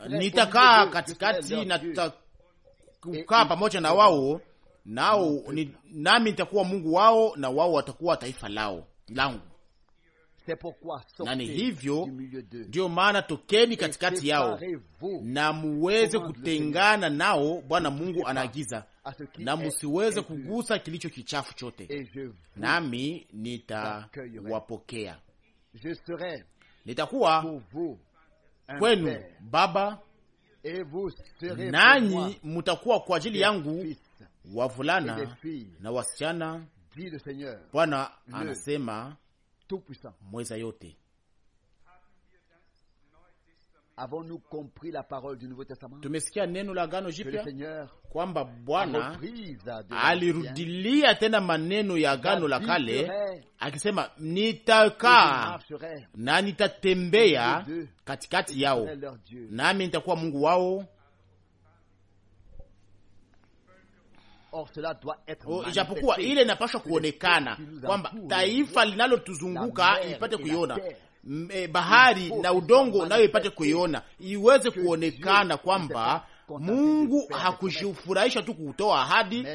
nitakaa katikati na tutakaa pamoja na wao nao ni, nami nitakuwa Mungu wao na wao watakuwa taifa lao langu. Na ni hivyo ndiyo maana tokeni katikati yao na muweze kutengana nao, Bwana Mungu anaagiza, na musiweze kugusa kilicho kichafu chote, nami nitawapokea. Nitakuwa kwenu baba nanyi mutakuwa kwa ajili yangu wavulana na wasichana. Bwana anasema mweza yote. Tumesikia neno la Agano Jipya kwamba Bwana alirudilia tena maneno ya Agano la Kale akisema, nitakaa na nitatembea katikati yao nami nitakuwa Mungu wao Or, cela doit être oh, ijapokuwa ile inapashwa kuonekana kwamba taifa linalotuzunguka ipate kuiona eh, bahari na udongo nayo ipate kuiona, iweze kuonekana kwamba Mungu hakujifurahisha tu kutoa ahadi,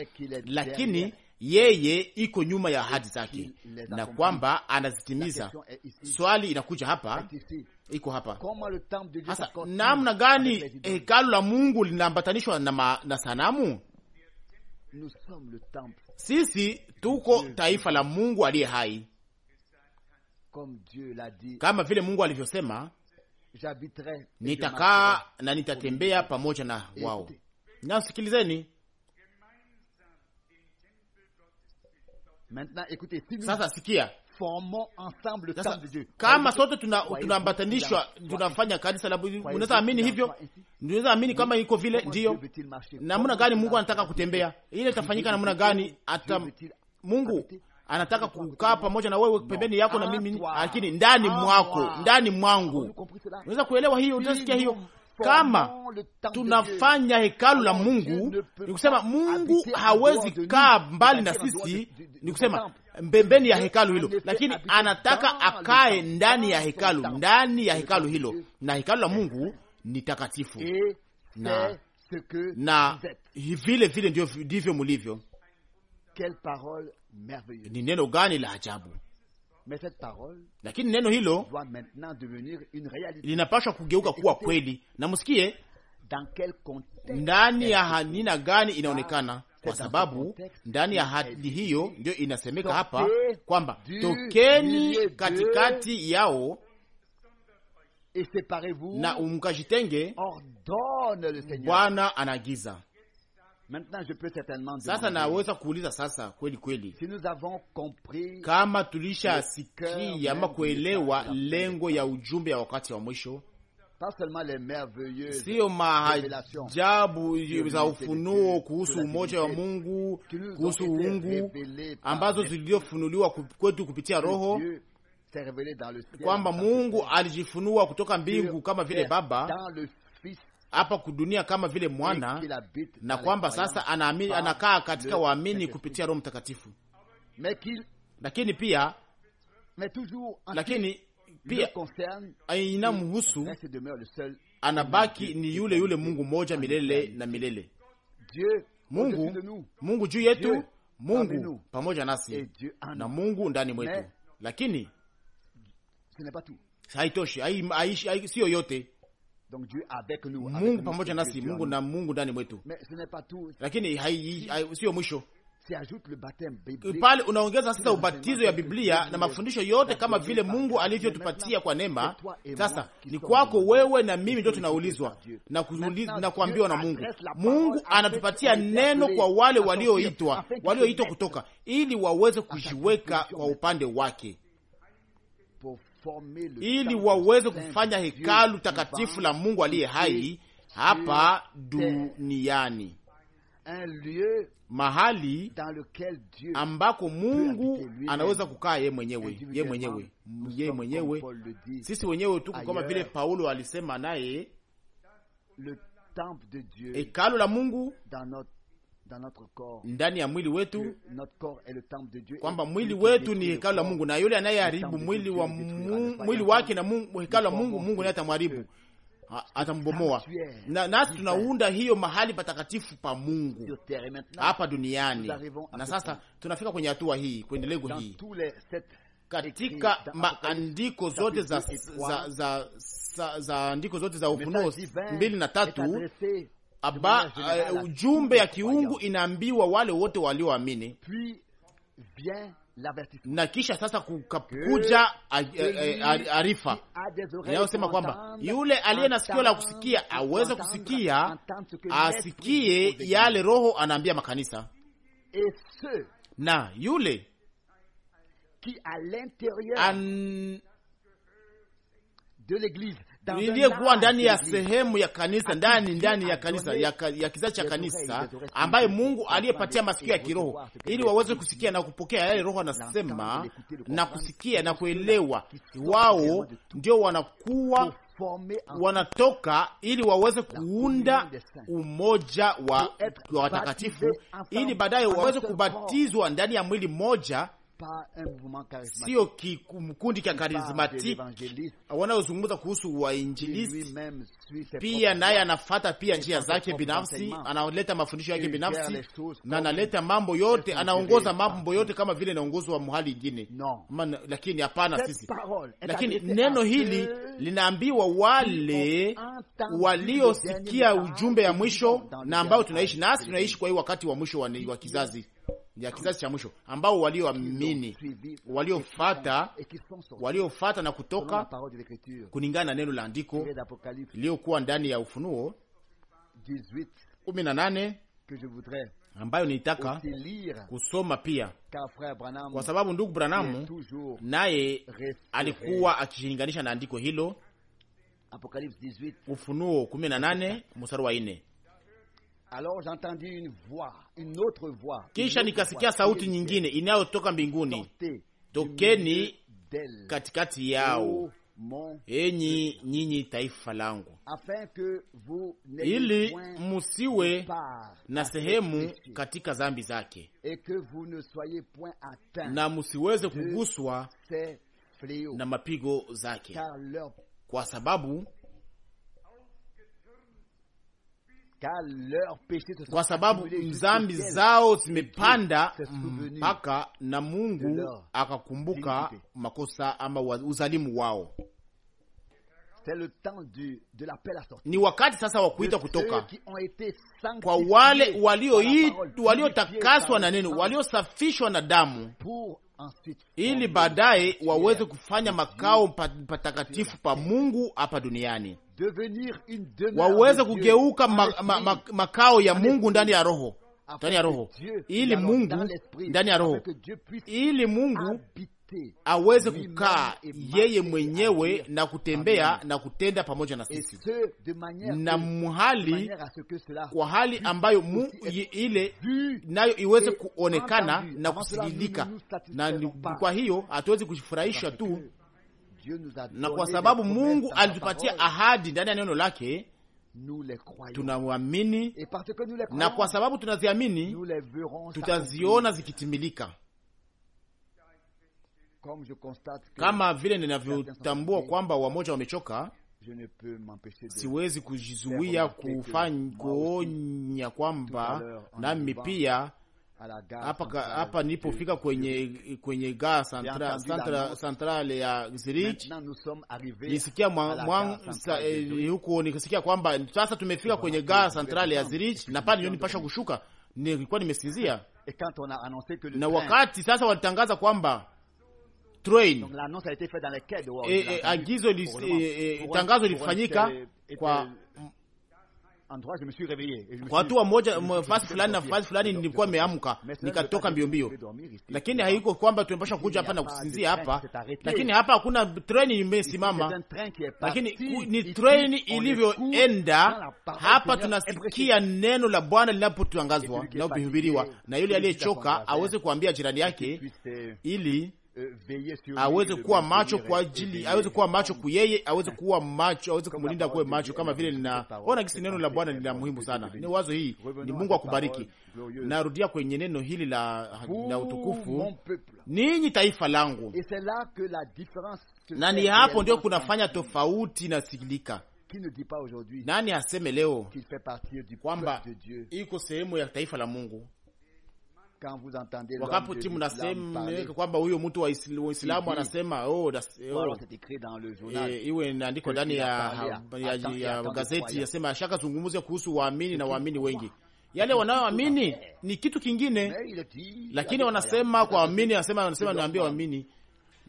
lakini yeye iko nyuma ya ahadi zake na kwamba anazitimiza. Swali inakuja hapa, iko hapa hasa, namna gani hekalu la Mungu linaambatanishwa na, na sanamu sisi tuko taifa la Mungu aliye hai, kama vile Mungu alivyosema, nitakaa na nitatembea pamoja na wao. Na sikilizeni sasa, sikia kama sote tunaambatanishwa tunafanya kanisa la Mungu. Unaweza amini hivyo? Unaweza amini kama iko vile? Ndio. Namna gani Mungu anataka kutembea? Ile itafanyika namna gani? Hata Mungu anataka kukaa pamoja na wewe pembeni yako na mimi, lakini ndani mwako, ndani mwangu. Unaweza kuelewa hiyo? Utasikia hiyo? Kama tunafanya hekalu la Mungu, ni kusema Mungu hawezi kaa mbali na sisi, ni kusema mbembeni ya hekalu hilo, lakini anataka akae ndani ya hekalu, ndani ya hekalu hilo, na hekalu la Mungu ni takatifu na na vile vile ndio ndivyo mulivyo. Ni neno gani la ajabu! Lakini neno hilo linapashwa kugeuka kuwa kweli, na msikie ndani ya hanina gani ah, inaonekana kwa sababu ndani ya hali hiyo ndiyo inasemeka hapa kwamba tokeni katikati yao na mkajitenge. Bwana anagiza Sasa naweza kuuliza sasa kweli kweli, kama tulishasikia ama kuelewa lengo ya ujumbe ya wakati wa mwisho sio maajabu za ufunuo kuhusu umoja wa Mungu, kuhusu uungu ambazo ziliofunuliwa kwetu kupitia Roho, kwamba Mungu alijifunua kutoka mbingu kama vile Baba hapa kudunia kama vile mwana, na kwamba sasa anaamini anakaa katika waamini kupitia Roho Mtakatifu, lakini pia lakini pia inamhusu, anabaki ni yule yule Mungu moja milele na milele. Mungu Mungu juu yetu, Mungu pamoja nasi na Mungu ndani mwetu, lakini haitoshi, siyo yote. Mungu pamoja nasi, Mungu na Mungu ndani mwetu, lakini siyo mwisho pale euh, unaongeza sasa ubatizo ya Biblia na mafundisho yote kama vile Mungu alivyotupatia kwa neema. Sasa ni kwako wewe na mimi ndio tunaulizwa na, na kuambiwa na Mungu. Mungu anatupatia neno kwa wale walioitwa, walioitwa kutoka, ili waweze kujiweka kwa upande wake ili waweze kufanya hekalu takatifu la Mungu aliye hai hapa duniani, mahali ambako Mungu anaweza kukaa ye mwenyewe ye mwenyewe ye mwenyewe. Sisi wenyewe tuko kama vile Paulo alisema naye, hekalo la Mungu ndani ya mwili wetu, kwamba mwili wetu ni hekalo la Mungu, na yule anayeharibu mwili wa mwili wake na hekalo la Mungu, Mungu naye atamharibu atambomoa na, nasi tunaunda hiyo mahali patakatifu pa Mungu hapa duniani. Na sasa tunafika kwenye hatua hii, kwenye lengo hii katika maandiko zote za, za, za, za, za andiko zote za Ufunuo mbili na tatu aba uh, ujumbe ya kiungu inaambiwa wale wote walioamini wa na kisha sasa kukuja arifa inayosema kwamba yule aliye na sikio la kusikia aweze kusikia, asikie yale Roho anaambia makanisa, na yule an niliyekuwa ndani ya sehemu ya kanisa ndani ndani ya kanisa ya, ya kizazi cha kanisa ambaye Mungu aliyepatia masikio ya kiroho ili waweze kusikia na kupokea yale Roho anasema na kusikia na kuelewa. Wao ndio wanakuwa wanatoka ili waweze kuunda umoja wa watakatifu, ili baadaye waweze kubatizwa ndani ya mwili mmoja sio kikundi cha karismatiki wanaozungumza kuhusu wainjilisti, pia naye anafata pia njia zake binafsi, analeta mafundisho yake binafsi na analeta mambo yote, anaongoza mambo yote kama vile inaongozwa mhali ingine. Lakini hapana, sisi lakini neno hili linaambiwa wale waliosikia ujumbe ya mwisho na ambao tunaishi nasi tunaishi kwa hii wakati wa mwisho wa kizazi ya kizazi cha mwisho ambao walioamini waliofata waliofata na kutoka kulingana na neno la andiko iliyokuwa ndani ya Ufunuo 18 ambayo nitaka kusoma pia kwa sababu ndugu Branamu naye alikuwa akilinganisha na andiko hilo, Ufunuo 18 mstari wa 4. Kisha nikasikia sauti nyingine inayotoka mbinguni, tokeni katikati yao oh, enyi nyinyi taifa langu, ili musiwe na sehemu katika zambi zake na musiweze kuguswa na mapigo zake, kwa sababu kwa sababu dhambi zao zimepanda mpaka, na Mungu akakumbuka makosa ama uzalimu wao. Ni wakati sasa wa kuita kutoka kwa wale waliotakaswa na neno, waliosafishwa na damu ili baadaye waweze kufanya makao patakatifu pa Mungu hapa duniani, waweze kugeuka ma, ma, ma, makao ya Mungu ndani ya roho ndani ya roho, ili Mungu ndani ya roho, ili Mungu aweze kukaa yeye mwenyewe na kutembea na kutenda pamoja na sisi na mhali kwa hali ambayo mu ile nayo iweze kuonekana na kusikilika. Na kwa hiyo hatuwezi kujifurahisha tu, na kwa sababu Mungu alitupatia ahadi ndani ya neno lake tunamwamini, na kwa sababu tunaziamini tutaziona zikitimilika kama vile ninavyotambua kwamba wamoja wamechoka, siwezi kujizuia kufanya kuonya kwamba nami pia hapa nilipofika kwenye kwenye gaa santra, ya Zurich nisikia eh, huko, nikisikia kwamba sasa tumefika kwenye gaa santrale ya Zurich na pale nipasha kushuka. Nilikuwa nimesinzia, na wakati sasa walitangaza kwamba Train. agizo tangazo lilifanyika kwa kwa hatua moja fasi fulani na fasi fulani, nilikuwa nimeamka nikatoka mbio mbio, lakini haiko kwamba tumepasha kuja hapa na kusinzia hapa, lakini hapa hakuna treni imesimama, lakini ni treni ilivyoenda. Hapa tunasikia neno la Bwana linapotangazwa na kuhubiriwa, na yule aliyechoka aweze kuambia jirani yake ili Euh, aweze kuwa macho kwa ajili, aweze kuwa macho kuyeye, aweze kuwa macho, aweze kumlinda kuwe macho, kama vile ninaona kisi. Neno la Bwana ni la muhimu sana, ni wazo hii, ni Mungu akubariki. Narudia kwenye neno hili la, la utukufu, ninyi taifa langu, na ni hapo ndio kunafanya tofauti na nani aseme leo kwamba iko sehemu ya taifa la Mungu wakati timu kwamba huyo mtu wa Uislamu anasema oh, oh, e, iwe inaandikwa ndani ya, ya, ya gazeti yasema ashaka zungumzia kuhusu waamini na waamini wengi yale wanayoamini ni kitu kingine, lakini wanasema kwa waamini, anasema wanasema niambia waamini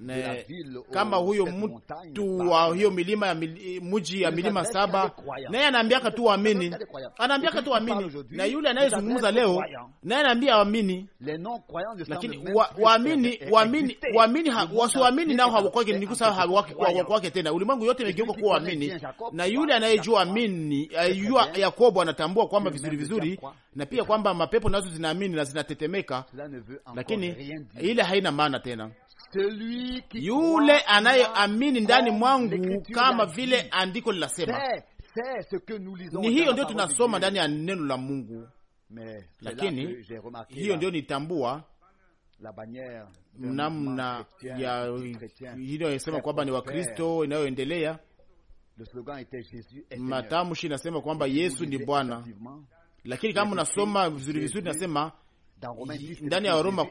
Ne, kama huyo mtu wa hiyo milima ya mil, eh, mji ya milima saba, naye anaambiaka tu waamini, anaambiaka tu waamini, na yule anayezungumza leo naye anaambia waamini, lakini waamini waamini waamini wasiwaamini nao hawakwake ni kusa hawakwake tena. Ulimwengu yote imegeuka kuwa waamini, na yule anayejua amini, ayua eh, Yakobo anatambua kwamba vizuri vizuri, na pia kwamba mapepo nazo zinaamini na zinatetemeka, lakini ile haina maana tena yule anayeamini ndani mwangu kama vile andiko linasema. Ni hiyo ndio tunasoma ndani ya neno la Mungu, lakini hiyo ndio nitambua namna ya inayosema kwamba ni Wakristo inayoendelea. Matamshi inasema kwamba Yesu ni Bwana, lakini kama unasoma vizuri vizuri, nasema ndani ya Waroma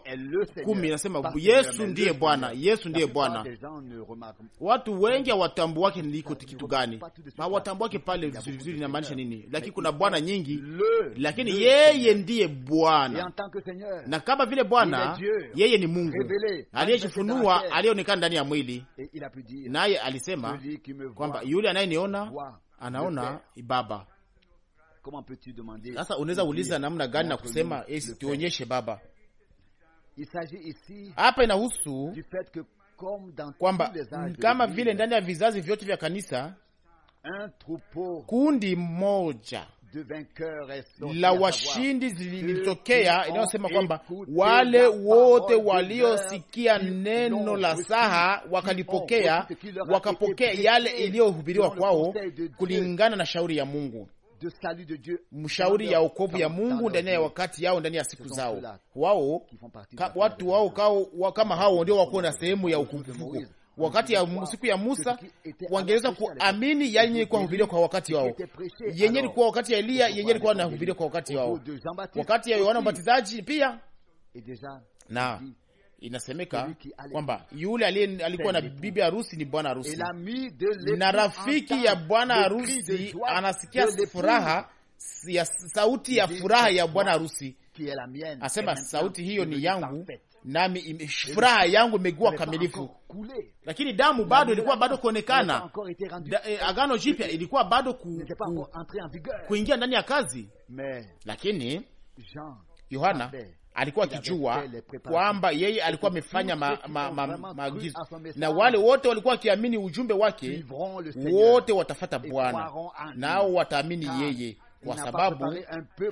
kumi inasema Yesu ndiye Bwana, Yesu ndiye Bwana. Watu wengi awatambuwake niliko kitu gani, hawatambuwake pale vizuri vizuri, inamaanisha nini, lakini kuna bwana nyingi, lakini yeye ndiye Bwana, na kama vile Bwana yeye ni Mungu aliyejifunua, aliyeonekana ndani ya mwili, naye alisema kwamba yule anayeniona anaona Baba peux-tu demander? Sasa unaweza uliza namna gani na kusema eh, tuonyeshe Baba. Hapa inahusu kwamba mm, kama vile ndani ya vizazi vyote vya kanisa kundi moja la washindi zilitokea, inayosema kwamba wale wote waliosikia neno la saha wakalipokea, wakapokea yale iliyohubiriwa kwao kulingana na shauri ya Mungu mshauri ya ukovu ya Mungu ndani ya wakati yao, ndani ya siku zao wao, ka, watu wao kama hao ndio wako na sehemu ya ukumbuko wakati ya siku ya Musa wangeweza kuamini yenye kwa hubiria kwa wakati wao, yenye ilikuwa wakati ya Eliya, yenye ilikuwa hubiria kwa wakati wao, wakati ya Yohana Mbatizaji pia na Inasemeka kwamba yule alikuwa na bibi harusi ni bwana harusi, na rafiki ya bwana harusi anasikia furaha ya sauti ya furaha ya bwana harusi, asema sauti hiyo ni yangu, nami furaha yangu imekuwa kamilifu. Lakini damu bado ilikuwa bado kuonekana, eh, agano jipya ilikuwa bado kuingia ndani ya kazi, lakini Yohana alikuwa akijua kwamba yeye alikuwa amefanya maagizo ma, ma, ma, ma, na wale wote walikuwa wakiamini ujumbe wake, wote watafata Bwana nao wataamini yeye, kwa sababu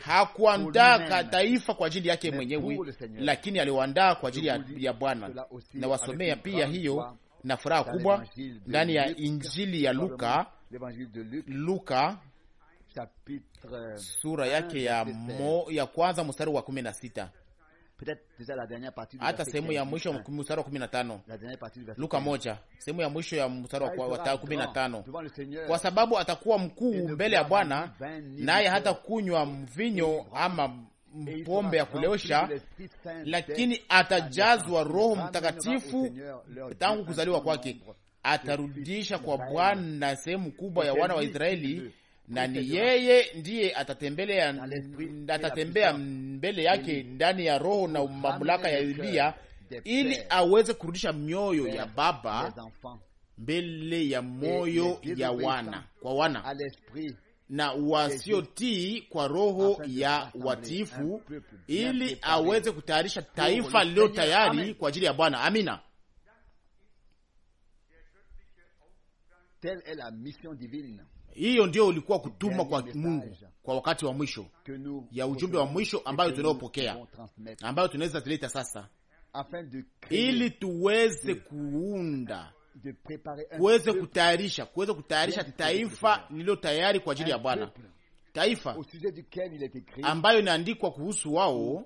hakuandaa taifa kwa ajili yake mwenyewe, lakini aliwaandaa kwa ajili ya, ya Bwana. Na wasomea pia hiyo na furaha kubwa ndani ya Injili ya Luka, Luka sura yake ya, mo, ya kwanza mstari wa kumi na sita hata sehemu ya mwisho wa mstari wa kumi na tano Luka moja sehemu ya mwisho ya mstari wa kumi na tano kwa sababu atakuwa mkuu mbele ya Bwana, naye hata kunywa mvinyo ama pombe ya kuleosha lakini atajazwa Roho Mtakatifu tangu kuzaliwa kwake. Atarudisha kwa Bwana sehemu kubwa ya wana wa Israeli na ni yeye ndiye atatembelea atatembea mbele yake ndani ya roho na mamlaka ya Eliya, ili aweze kurudisha mioyo ya baba mbele ya moyo ya wana kwa wana na wasiotii kwa roho ya watiifu, ili aweze kutayarisha taifa lililo tayari kwa ajili ya Bwana. Amina. Telle est la mission divine. Hiyo ndio ulikuwa kutumwa kwa Mungu kwa wakati wa mwisho ya ujumbe wa mwisho ambayo tunayopokea, ambayo tunaweza tuleta sasa, ili tuweze kuunda kuweze kutayarisha kuweze kutayarisha taifa lililo tayari kwa ajili ya Bwana, taifa ambayo inaandikwa kuhusu wao,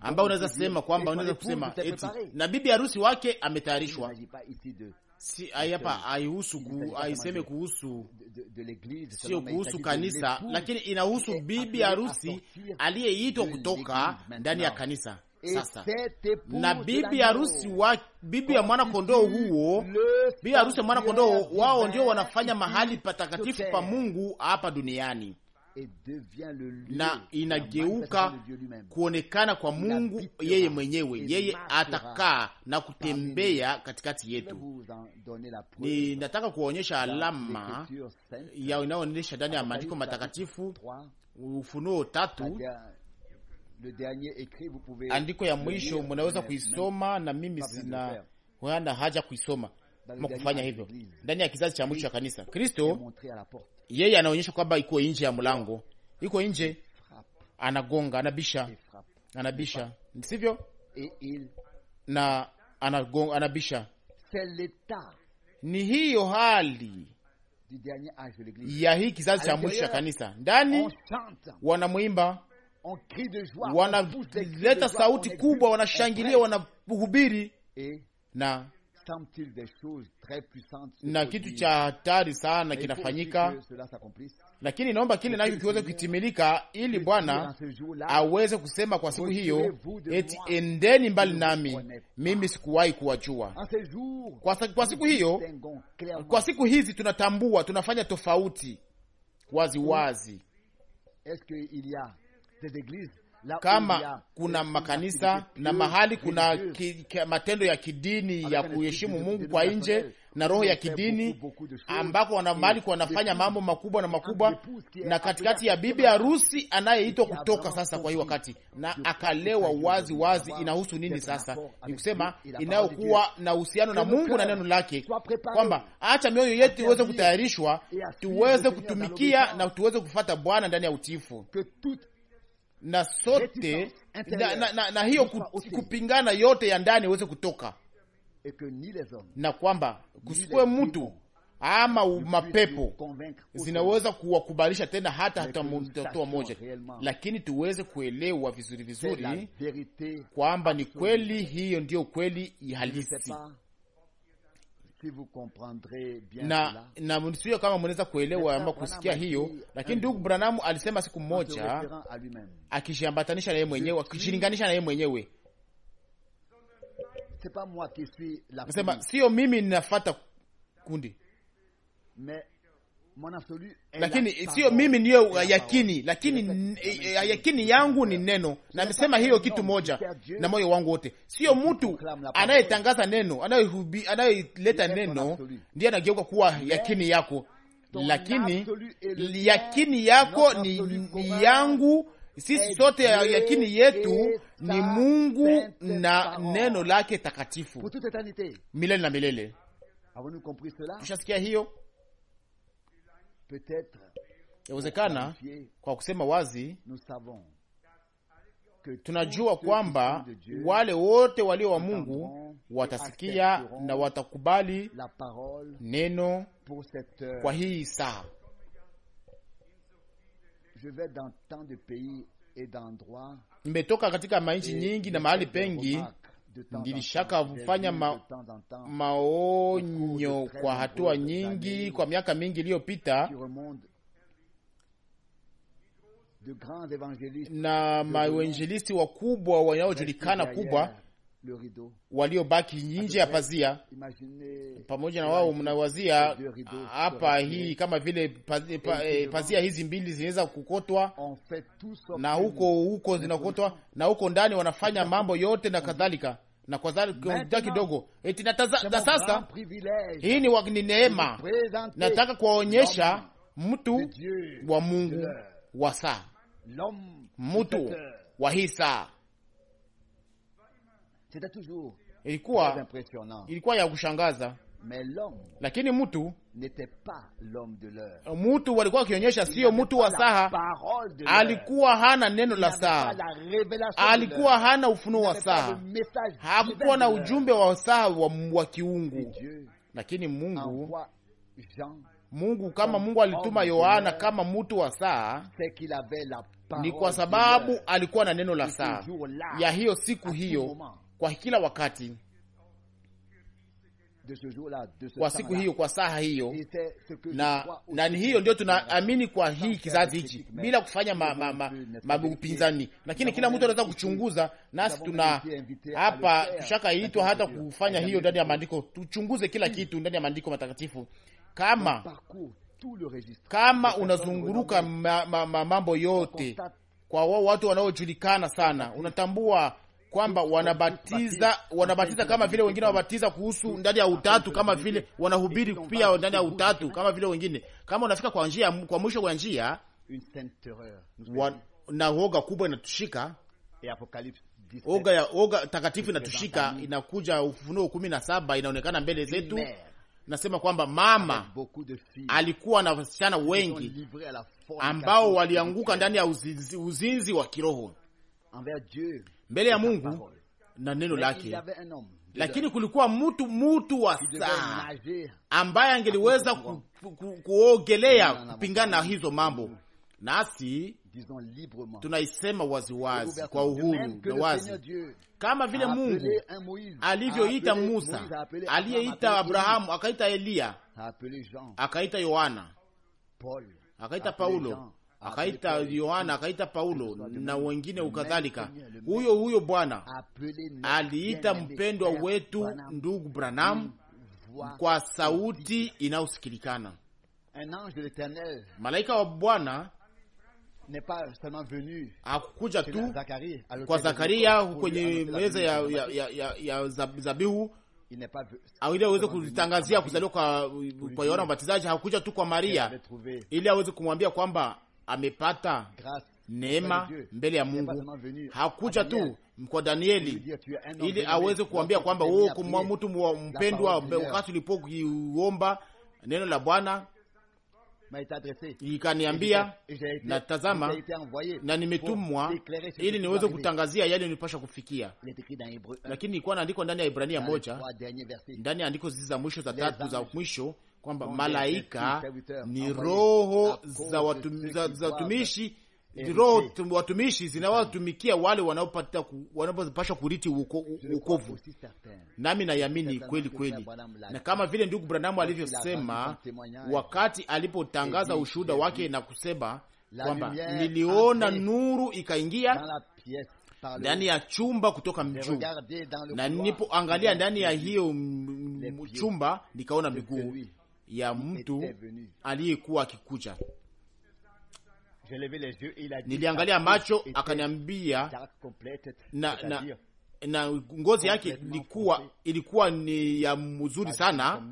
ambayo unaweza sema kwamba unaweza kusema eti na bibi harusi wake ametayarishwa si hapa um, haihusu ku, haiseme kuhusu, sio kuhusu kanisa, lakini inahusu bibi harusi aliyeitwa kutoka ndani ya kanisa. Sasa na bibi harusi wa bibi ya mwana kondoo huo, bibi harusi ya mwana kondoo wao ndio wanafanya mahali patakatifu pa Mungu hapa duniani na inageuka kuonekana kwa Mungu yeye mwenyewe. Yeye atakaa na kutembea katikati yetu. Ninataka kuwaonyesha alama ya inayoonyesha ndani ya maandiko matakatifu, Ufunuo tatu andiko ya mwisho munaweza kuisoma, na mimi sina hana haja kuisoma ama kufanya hivyo. Ndani ya kizazi cha mwisho cha kanisa Kristo yeye anaonyesha kwamba iko nje ya mlango, iko nje, anagonga, anabisha, anabisha, sivyo? Na anagonga, anabisha. Ni hiyo hali ya hii kizazi cha mwisho cha kanisa. Ndani wanamwimba, wanaleta sauti kubwa, wanashangilia, wanahubiri na na kitu cha hatari sana kinafanyika, lakini inaomba kile nacho kiweze kutimilika, ili Bwana aweze kusema kwa siku hiyo, eti endeni mbali nami, mimi sikuwahi kuwajua. Kwa, kwa siku hiyo, kwa siku hizi tunatambua, tunafanya tofauti waziwazi wazi kama kuna makanisa na mahali kuna ki, matendo ya kidini ya kuheshimu Mungu kwa nje na roho ya kidini ambako wana wanafanya mambo makubwa na makubwa, na katikati ya bibi harusi anayeitwa kutoka sasa kwa hii wakati, na akalewa wazi wazi. Inahusu nini sasa? Ni kusema inayokuwa na uhusiano na Mungu na neno lake, kwamba acha mioyo yetu iweze kutayarishwa, tuweze kutumikia na tuweze kufata Bwana ndani ya utiifu na sote na, na, na, na hiyo kupingana yote ya ndani iweze kutoka, na kwamba kusikue mtu ama mapepo zinaweza kuwakubalisha tena hata hata mtoto mmoja, lakini tuweze kuelewa vizuri vizuri kwamba ni kweli, hiyo ndiyo kweli halisi na na msio kama mnaweza kuelewa ama kusikia hiyo, lakini ndugu Branham alisema siku moja, akishiambatanisha na yeye mwenyewe, akishilinganisha na yeye mwenyewe, nasema sio mimi ninafuata kundi lakini sio mimi niyo yakini, lakini yakini yangu ni neno, na nimesema hiyo kitu moja na moyo wangu wote. Sio mtu anayetangaza neno, anayeleta neno ndiye anageuka kuwa yakini yako, lakini yakini yako ni, ni yangu sisi sote yakini yetu ni Mungu na neno lake takatifu milele na milele. Tushasikia hiyo Yawezekana kwa kusema wazi, tunajua kwamba wale wote walio wa Mungu watasikia na watakubali neno kwa hii saa. Nimetoka katika manchi nyingi na mahali pengi nilishaka kufanya ma, maonyo kwa hatua nyingi kwa miaka mingi iliyopita na mawenjelisti wakubwa wanaojulikana kubwa waliobaki nje ya pazia pamoja na wao. Mnawazia hapa hii kama vile eh, eh, pazia, hizi mbili zinaweza kukotwa na huko huko zinakotwa na huko ndani wanafanya mambo yote na kadhalika na kwa kidogo eti na sasa, hii ni neema. Nataka kuwaonyesha mtu wa Mungu wa saa, mtu wa hii saa ilikuwa ilikuwa ya kushangaza, lakini mtu uh, mtu walikuwa wakionyesha, sio mtu wa saha, alikuwa hana neno la saha, alikuwa hana ufunuo wa saha, hakukuwa na ujumbe wa saha wa, wa kiungu, lakini Mungu Mungu kama Mungu alituma Yohana kama mtu wa saa, ni kwa sababu alikuwa na neno la saa ya hiyo siku hiyo kwa kila wakati kwa siku hiyo, kwa saha hiyo, na na ni hiyo ndio tunaamini kwa hii kizazi hichi, bila kufanya maupinzani. Lakini kila mtu anaweza kuchunguza, nasi tuna hapa tushakaitwa itwa hata kufanya hiyo ndani ya maandiko. Tuchunguze kila kitu ndani ya maandiko matakatifu, kama kama unazunguruka ma, ma, ma, mambo yote kwa wao watu wanaojulikana sana, unatambua kwamba wanabatiza wanabatiza kama vile wengine wanabatiza kuhusu ndani ya utatu, kama vile wanahubiri pia ndani ya utatu, kama vile wengine. Kama unafika kwa njia kwa mwisho wa njia, na woga kubwa inatushika, oga ya oga takatifu inatushika. Inakuja Ufunuo kumi na saba inaonekana mbele zetu, nasema kwamba mama alikuwa na wasichana wengi ambao walianguka ndani ya uzinzi, uzinzi wa kiroho mbele ya Mungu na neno lake, lakini kulikuwa mtu mtu wa saa ambaye angeliweza ku, ku, ku, kuogelea kupingana na hizo mambo, nasi tunaisema waziwazi kwa uhuru na wazi, kama vile Mungu alivyoita Musa, aliyeita Abrahamu, akaita Eliya, akaita Yohana, akaita Paulo, akaita Yohana, akaita Paulo na wengine ukadhalika. Huyo huyo Bwana aliita mpendwa wetu ndugu Branham kwa sauti inayosikilikana. Malaika wa Bwana hakukuja tu kwa Zakaria kwenye meza ya, ya, ya, ya, ya zabihu ili aweze kulitangazia kuzaliwa kwa Yohana Mbatizaji. Hakukuja tu kwa Maria ili aweze kumwambia kwamba amepata neema mbele ya Mungu. Hakuja tu kwa Danieli ili aweze kuambia kwamba wewe mtu mpendwa, wakati ulipokiomba neno la Bwana ikaniambia na tazama, na nimetumwa ili niweze kutangazia yale nilipasha kufikia. Lakini ilikuwa naandikwa ndani ya Ibrania moja, ndani ya andiko zizi za mwisho za tatu za mwisho kwamba malaika ni roho za watumishi roho watumishi zinawatumikia wale wanaopata ku, wanaopasha kuriti uokovu. Nami nayamini kweli kweli, na kama vile ndugu Branamu alivyosema wakati alipotangaza ushuhuda wake na kusema kwamba niliona nuru ikaingia ndani ya chumba kutoka mjuu na nilipoangalia ndani ya hiyo chumba nikaona miguu ya mtu aliyekuwa akikuja. Niliangalia macho, akaniambia na, na, na ngozi yake ilikuwa ilikuwa ni ya mzuri sana,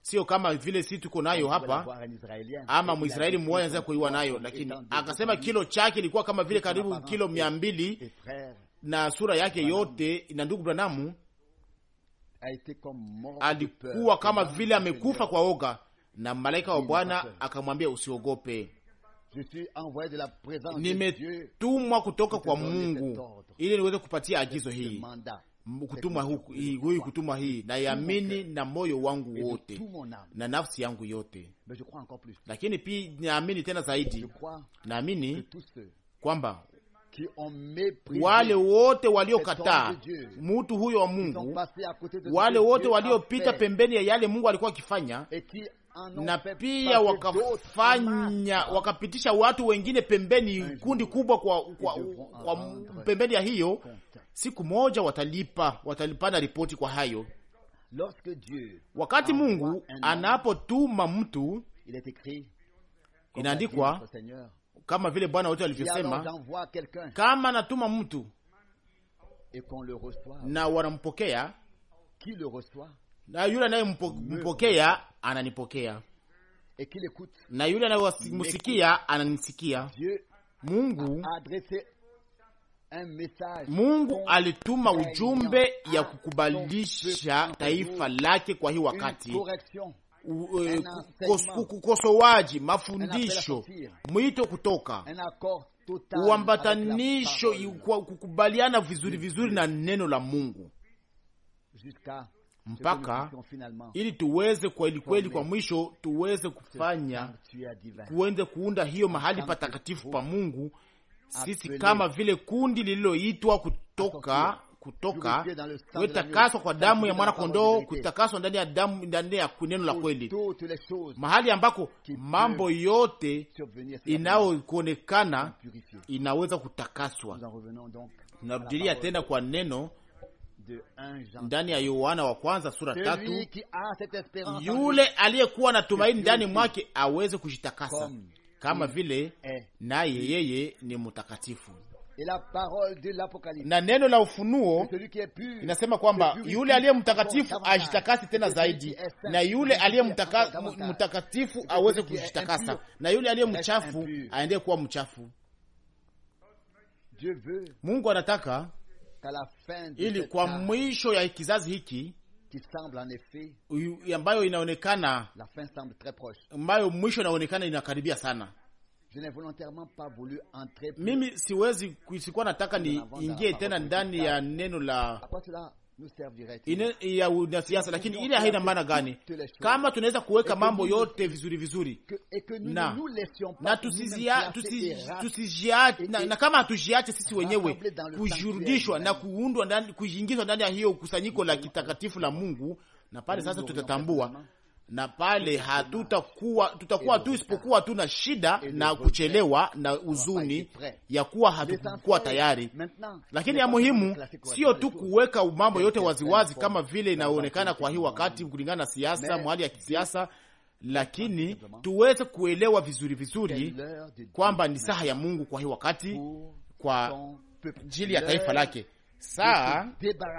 sio kama vile si tuko nayo hapa, ama Mwisraeli mmoja anaweza kuiwa nayo, lakini akasema kilo chake ilikuwa kama vile karibu kilo mia mbili na sura yake yote na ndugu Branamu alikuwa kama vile amekufa kwa oga, na malaika wa Bwana akamwambia usiogope, nimetumwa kutoka kwa Mungu ili niweze kupatia agizo hii kutumwa hii huyu kutumwa hii, naiamini na moyo wangu wote na nafsi yangu yote, lakini pia naamini tena zaidi, naamini kwamba wale wote waliokataa mutu huyo wa Mungu, wale wote waliopita pembeni ya yale Mungu alikuwa akifanya, na pia wakafanya wakapitisha watu wengine pembeni, kundi kubwa kwa, kwa, kwa, pembeni ya hiyo. Siku moja watalipa, watalipana ripoti kwa hayo. Wakati Mungu anapotuma mtu, inaandikwa kama vile Bwana wetu alivyosema, kama natuma mtu na wanampokea, na yule anayempokea ananipokea, na yule anayemsikia ananisikia. Mungu Mungu alituma ujumbe ya kukubalisha taifa lake kwa hii wakati ukosoaji, mafundisho, mwito kutoka uambatanisho, kukubaliana vizuri vizuri na neno la Mungu mpaka ili tuweze kwa kweli kwa mwisho tuweze kufanya kuende kuunda hiyo mahali patakatifu pa Mungu, sisi kama vile kundi lililoitwa kutoka kutoka wetakaswa kwa damu ya mwana kondoo, kutakaswa ndani ya damu, ndani ya neno la kweli, mahali ambako mambo yote inayokuonekana inaweza kutakaswa. Tunarudilia tena kwa neno ndani ya Yohana wa kwanza sura tatu, yule aliyekuwa na tumaini ndani mwake aweze kujitakasa kama vile naye yeye ni mtakatifu na neno la ufunuo inasema kwamba yule aliye mtakatifu ajitakasi tena zaidi, na yule aliye mtakatifu aweze kujitakasa, na yule aliye mchafu aendee kuwa mchafu. Mungu anataka ili kwa mwisho ya kizazi hiki ambayo inaonekana, ambayo mwisho inaonekana inakaribia sana mimi siwezi sikuwa nataka ni ingie tena ndani ya neno la Ine, ya siasa, lakini ile haina maana gani kama tunaweza kuweka mambo yote vizuri vizuri na, na, tusizia, tusizia, na, kama hatujiache sisi wenyewe kujurudishwa na kuingizwa ndani ya hiyo kusanyiko la kitakatifu la Mungu, na pale sasa tutatambua na pale hatutakuwa tutakuwa tu isipokuwa tuna shida na kuchelewa na uzuni ya kuwa hatukuwa tayari. Lakini ya muhimu sio tu kuweka mambo yote waziwazi kama vile inaonekana kwa hii wakati kulingana na siasa, mwali ya kisiasa, lakini tuweze kuelewa vizuri vizuri kwamba ni saha ya Mungu kwa hii wakati kwa ajili ya taifa lake saa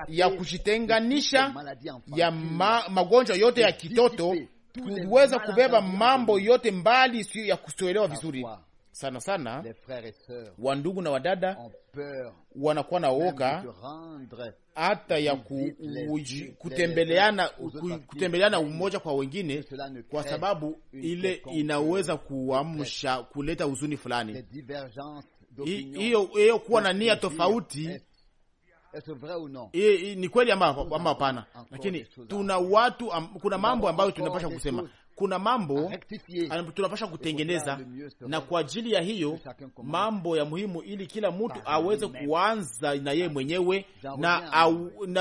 ya kujitenganisha ya ma, magonjwa yote ya kitoto, kuweza kubeba mambo yote mbali siyo ya kusoelewa vizuri sana sana. Wandugu na wadada wanakuwa na woga hata ya ku, uji, kutembeleana, kutembeleana umoja kwa wengine, kwa sababu ile inaweza euh, kuamsha kuleta huzuni fulani hiyo, kuwa na nia tofauti Eh, eh, ni kweli ama hapana? Lakini tuna watu am, kuna mambo ambayo tunapasha kusema, kuna mambo tunapasha kutengeneza, na kwa ajili ya hiyo mambo ya muhimu, ili kila mtu aweze kuanza na yeye mwenyewe, na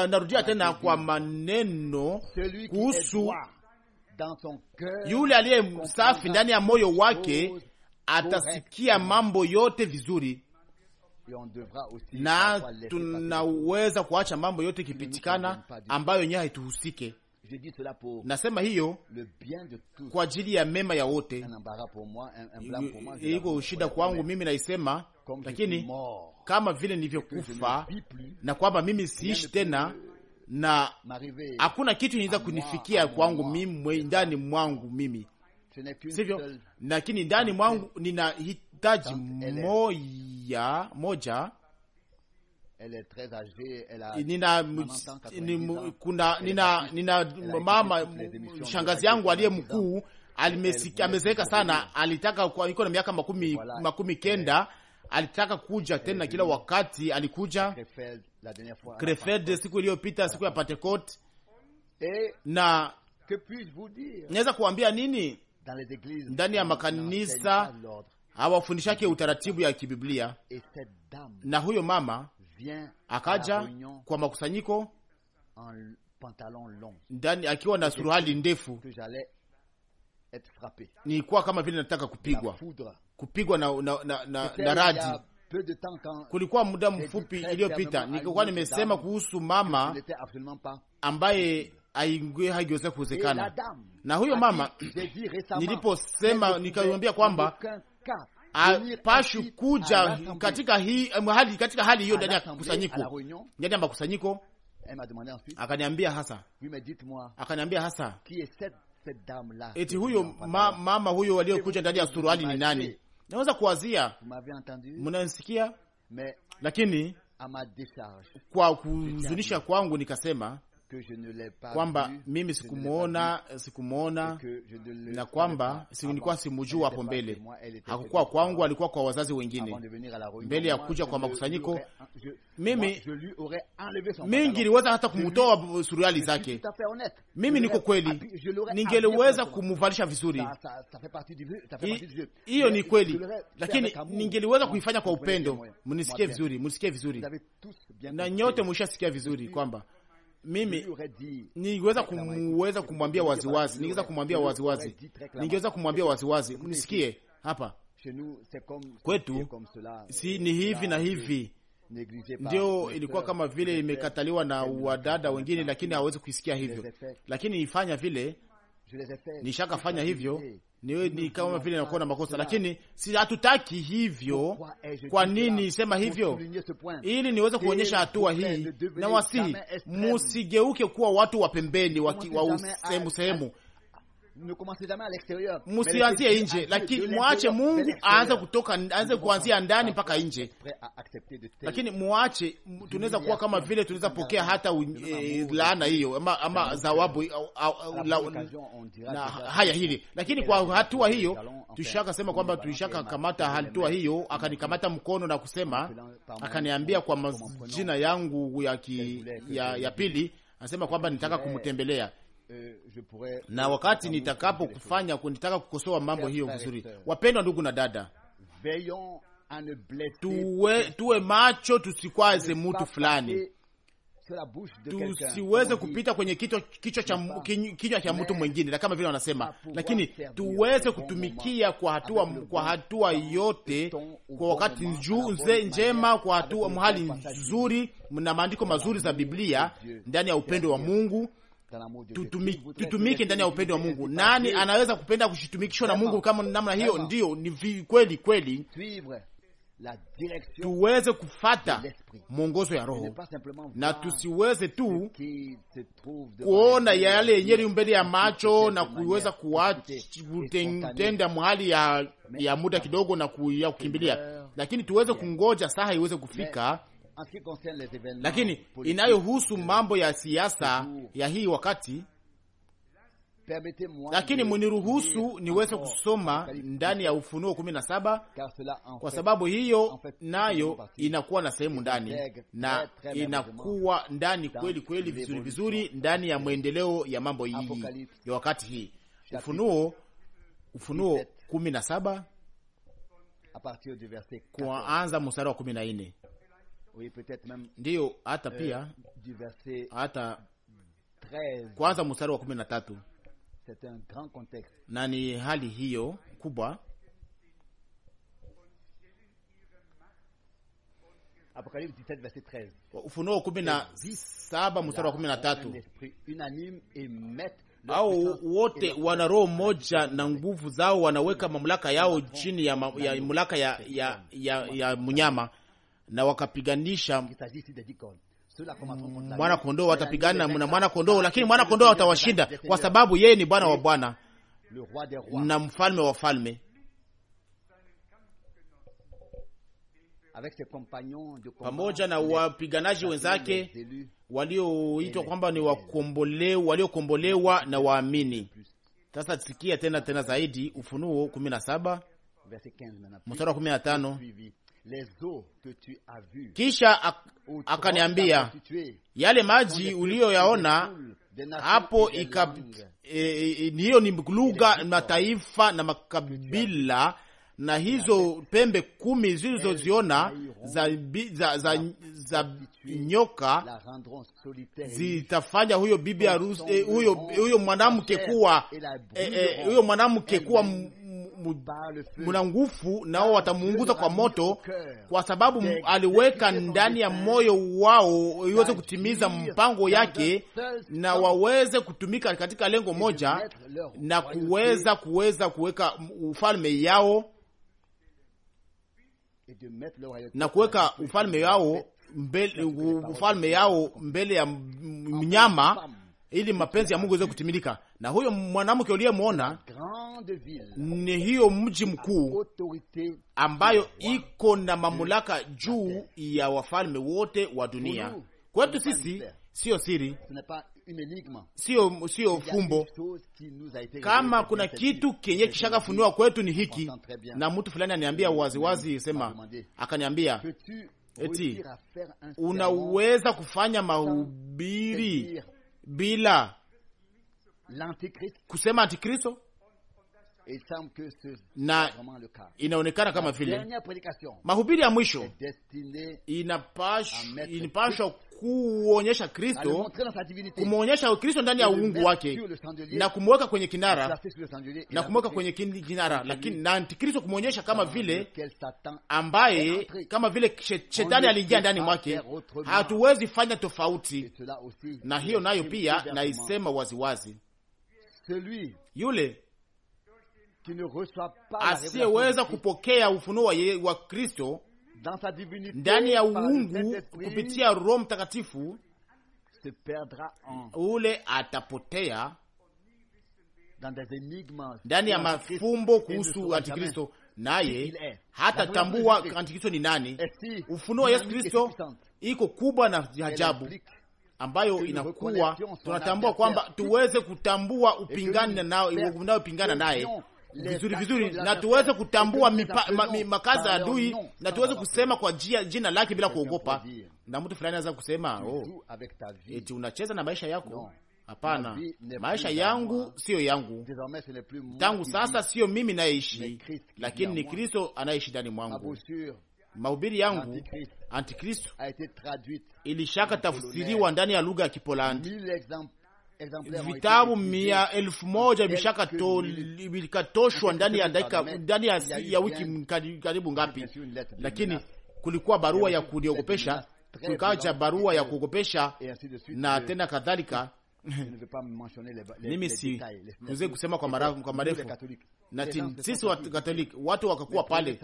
narudia tena kwa maneno kuhusu yule aliye safi ndani ya moyo wake atasikia mambo yote vizuri na tunaweza kuacha mambo yote ikipitikana ambayo yenyewe haituhusike. Nasema hiyo kwa ajili ya mema ya wote. Iko shida kwangu mimi naisema, lakini kama vile nilivyokufa na kwamba mimi siishi tena na hakuna kitu inaweza kunifikia kwangu mimi ndani mwangu mimi, sivyo? Lakini ndani mwangu nina mhitaji moja moja nina, nina, kuna, nina, nina mama shangazi yangu aliye mkuu amezeeka sana, alitaka iko na miaka makumi, makumi kenda alitaka kuja tena kila wakati alikuja Krefeld siku iliyopita siku ya Pentecost, na naweza kuambia nini ndani ya makanisa hawafundishake utaratibu ya kibiblia. Na huyo mama akaja kwa makusanyiko ndani akiwa na suruhali ndefu, nilikuwa kama vile nataka kupigwa kupigwa na, na, na, na, na radi. Kulikuwa muda mfupi iliyopita nilikuwa nimesema kuhusu mama ambaye haigiweze kuwezekana na huyo mama niliposema, nikaambia kwamba apashi kuja katika hii eh, hali, katika hali hiyo ndani ya kusanyiko, ndani ya makusanyiko. Eh, akaniambia hasa, akaniambia hasa eti huyo ma, mama huyo aliyokuja ndani ya suruali ni nani? Naweza kuwazia, mnanisikia, lakini kwa kuhuzunisha kwangu nikasema kwamba mimi sikumwona sikumwona, na kwamba nilikuwa simujua hapo mbele, hakukuwa kwangu, alikuwa kwa wazazi wengine. Mbele ya kuja kwa makusanyiko, mimi mingi hata kumutoa suruali zake. Mimi niko kweli, ningeliweza kumuvalisha vizuri, hiyo ni kweli, lakini ningeliweza kuifanya kwa upendo. Mnisikie vizuri, mnisikie vizuri, na nyote mwishasikia vizuri kwamba mimi niweza kumweza kumwambia waziwazi, ningeweza kumwambia waziwazi, ningeweza kumwambia waziwazi, mnisikie hapa kwetu, si ni hivi na hivi ndio ilikuwa kama vile imekataliwa na wadada wengine, lakini hawezi kuisikia hivyo, lakini ifanya vile nishakafanya hivyo ni, ni kama vile inakuwa na makosa, lakini si hatutaki hivyo. Kwa nini sema hivyo? Ili niweze kuonyesha hatua hii, na wasihi musigeuke kuwa watu wa pembeni wa sehemu sehemu musianzie nje, lakini mwache Mungu aanze kutoka, aanze kuanzia ndani mpaka nje. Lakini mwache, tunaweza kuwa kama vile tunaweza pokea hata eh, laana hiyo ama, ama zawabu na haya hili, lakini kwa hatua hiyo tushaka sema kwamba tulishaka kamata hatua hiyo. Akanikamata mkono na kusema, akaniambia kwa majina yangu ya, ki, ya, ya pili anasema kwamba nitaka kumtembelea Eh, na euh, wakati nitakapo kufanya nitaka kukosoa mambo hiyo vizuri. Wapendwa ndugu na dada, tuwe, tuwe macho, tusikwaze mtu fulani, tusiweze kupita kwenye kichwa, cha, kinywa cha mtu mwingine, na kama vile wanasema, lakini tuweze kutumikia kwa hatua, kwa hatua yote, kwa wakati njema, kwa hatua mhali nzuri na maandiko mazuri za Biblia ndani ya upendo wa Mungu tutumike, ndani ya upendo wa Mungu. Nani anaweza kupenda kushitumikishwa na Mungu kama namna hiyo? Ndiyo, ni kweli kweli tuweze kufata mwongozo ya Roho na tusiweze tu kuona yale yenye mbele ya macho na kuweza kutenda mhali ya, ya muda kidogo na kukimbilia, lakini tuweze kungoja saha iweze kufika lakini inayohusu euh, mambo ya siasa ya hii wakati lakini muniruhusu niweze kusoma ndani ya Ufunuo kumi na saba kwa sababu hiyo nayo inakuwa na sehemu ndani na inakuwa ndani kweli kweli vizuri vizuri ndani ya mwendeleo ya mambo hii ya wakati hii. Ufunuo, Ufunuo kumi na saba kuanza mstari wa kumi na nne ndiyo, hata euh, pia hata kwanza mstari wa kumi na tatu na ni hali hiyo kubwa Ufunuo kumi na saba mstari wa kumi na tatu au wote wana roho moja na nguvu zao wanaweka mamlaka yao chini ya mamlaka ya, ya, ya, ya, ya mnyama na wakapiganisha mm, mwana kondoo, watapigana na mwana kondoo, lakini mwana kondoo atawashinda kwa sababu yeye ni Bwana wa bwana na mfalme wa falme. Pamoja na wapiganaji wenzake walioitwa kwamba ni wakombolewa, waliokombolewa na waamini. Sasa sikia tena tena zaidi Ufunuo 17 mstari wa 15 kisha akaniambia, yale maji uliyoyaona hapo e- e- hiyo ni lugha mataifa na makabila na hizo pembe kumi zilizoziona za, za, za, za nyoka zitafanya huyo bibi harusi, eh, huyo mwanamke kuwa eh, eh, huyo mwanamke kuwa muna nguvu, nao watamuunguza kwa moto, kwa sababu aliweka ndani ya moyo wao iweze kutimiza mpango yake, na waweze kutumika katika lengo moja na kuweza kuweza kuweka ufalme yao na kuweka ufalme yao mbele, ufalme yao mbele ya mnyama ili mapenzi ya Mungu iweze kutimilika. Na huyo mwanamke uliyemwona ni hiyo mji mkuu ambayo iko na mamlaka mm. juu ya wafalme wote wa dunia. Kwetu sisi siyo siri, siyo sio fumbo. Kama kuna kitu kenye kishakafunua kwetu ni hiki, na mtu fulani aniambia waziwazi, sema akaniambia eti unaweza kufanya mahubiri bila kusema Antikristo, na inaonekana kama vile mahubiri ya mwisho inapashwa kuonyesha Kristo, kumwonyesha Kristo ndani ya uungu wake na kumweka kwenye kinara na kumweka kwenye kinara, lakini na antikristo kumwonyesha kama vile ambaye kama vile shetani aliingia ndani mwake. Hatuwezi fanya tofauti na hiyo, nayo pia naisema waziwazi, yule asiyeweza kupokea ufunuo wa Kristo ndani ya uungu kupitia Roho Mtakatifu, ule atapotea ndani ya mafumbo kuhusu Antikristo, naye hata tambua Antikristo ni nani. Ufunuo wa Yesu Kristo iko kubwa na ajabu ambayo inakuwa tunatambua kwamba tuweze kutambua upingani nao upingana naye vizuri vizuri, na tuweze kutambua makazi ya adui na tuweze kusema kwa jia, jina lake bila kuogopa. Na mtu fulani anaweza kusema oh, eti unacheza na maisha yako. Hapana, maisha yangu siyo yangu tangu sasa, siyo mimi nayeishi, lakini ni Kristo anayeishi ndani mwangu. Mahubiri yangu Antikristo ilishaka tafsiriwa ndani ya lugha ya Kipolandi vitabu mia elfu moja vishakatoshwa ndani ya dakika ndani ya wiki karibu ngapi, lakini kulikuwa barua ya kuniogopesha, kukaja barua ya kuogopesha na euh, tena kadhalika mimi si niweze kusema kwa mara kwa marefu na sisi wa Katoliki watu wakakuwa pale,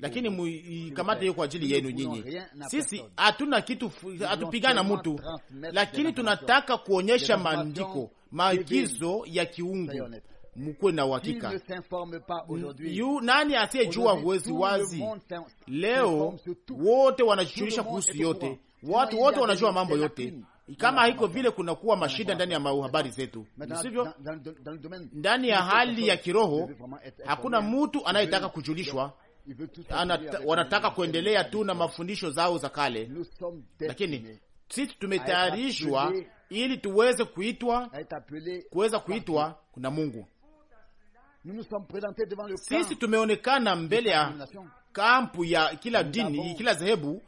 lakini muikamate hiyo kwa ajili yenu nyinyi. Sisi hatuna kitu, hatupigana mtu, lakini tunataka kuonyesha maandiko, maagizo ya kiungu Mkuwe na uhakika. Nani asiyejua uwezi wazi? Leo wote wanajishughulisha kuhusu yote, watu wote wanajua mambo yote, kama haiko vile, kunakuwa mashida ndani ya habari zetu, sivyo? Ndani ya hali ya kiroho hakuna mtu anayetaka kujulishwa wanataka kuendelea tu na mafundisho zao za kale, lakini sisi tumetayarishwa ili tuweze kuitwa kuweza kuitwa na Mungu. Sisi tumeonekana mbele ya kampu ya kila dini, kila dhehebu,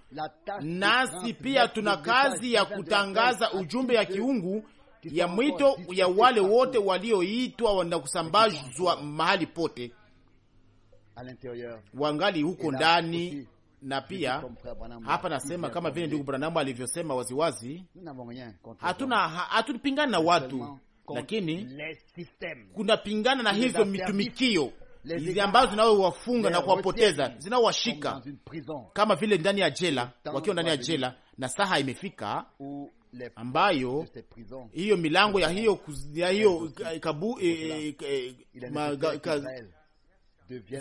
nasi pia tuna kazi ya kutangaza ujumbe ya kiungu ya mwito ya wale wote walioitwa na kusambazwa mahali pote, wangali huko ndani na pia hapa nasema kama vile ndugu Branamu alivyosema waziwazi, hatuna hatupingani na watu, lakini kunapingana na hizo mitumikio hizi ambazo zinaowafunga na kuwapoteza zinaowashika kama vile ndani ya jela, wakiwa ndani ya jela, na saha imefika ambayo hiyo milango ya hiyo ya hiyo kabu eh, eh, eh,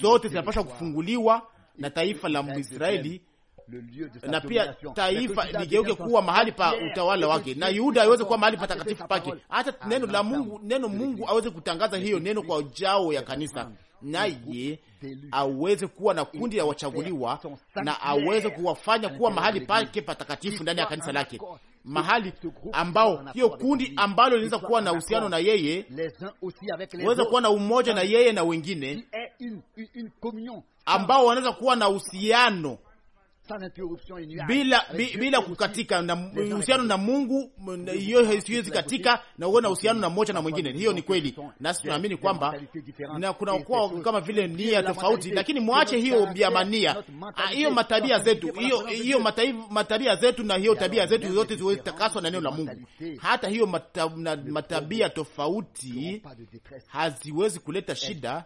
zote zinapasha kufunguliwa na taifa la Israeli na pia taifa ligeuke kuwa mahali pa utawala wake, na Yuda aweze kuwa mahali patakatifu pake, hata neno la Mungu, neno Mungu aweze kutangaza hiyo neno kwa ujao ya kanisa naye aweze kuwa na kundi la wachaguliwa na aweze kuwafanya kuwa mahali pake patakatifu ndani ya kanisa lake, mahali ambao hiyo kundi ambalo linaweza kuwa na uhusiano na yeye, weza kuwa na umoja na yeye na wengine ambao wanaweza kuwa na uhusiano bila, bila kukatika na uhusiano na Mungu, hiyo haiwezi katika na uwe na uhusiano na mmoja na mwingine. Hiyo ni kweli, nasi tunaamini kwamba na kuna kuwa kama vile nia tofauti, lakini mwache hiyo biamania, ah, hiyo matabia zetu, hiyo hiyo matabia zetu na hiyo tabia zetu zote ziweze na neno la Mungu. Hata hiyo matabia tofauti haziwezi kuleta shida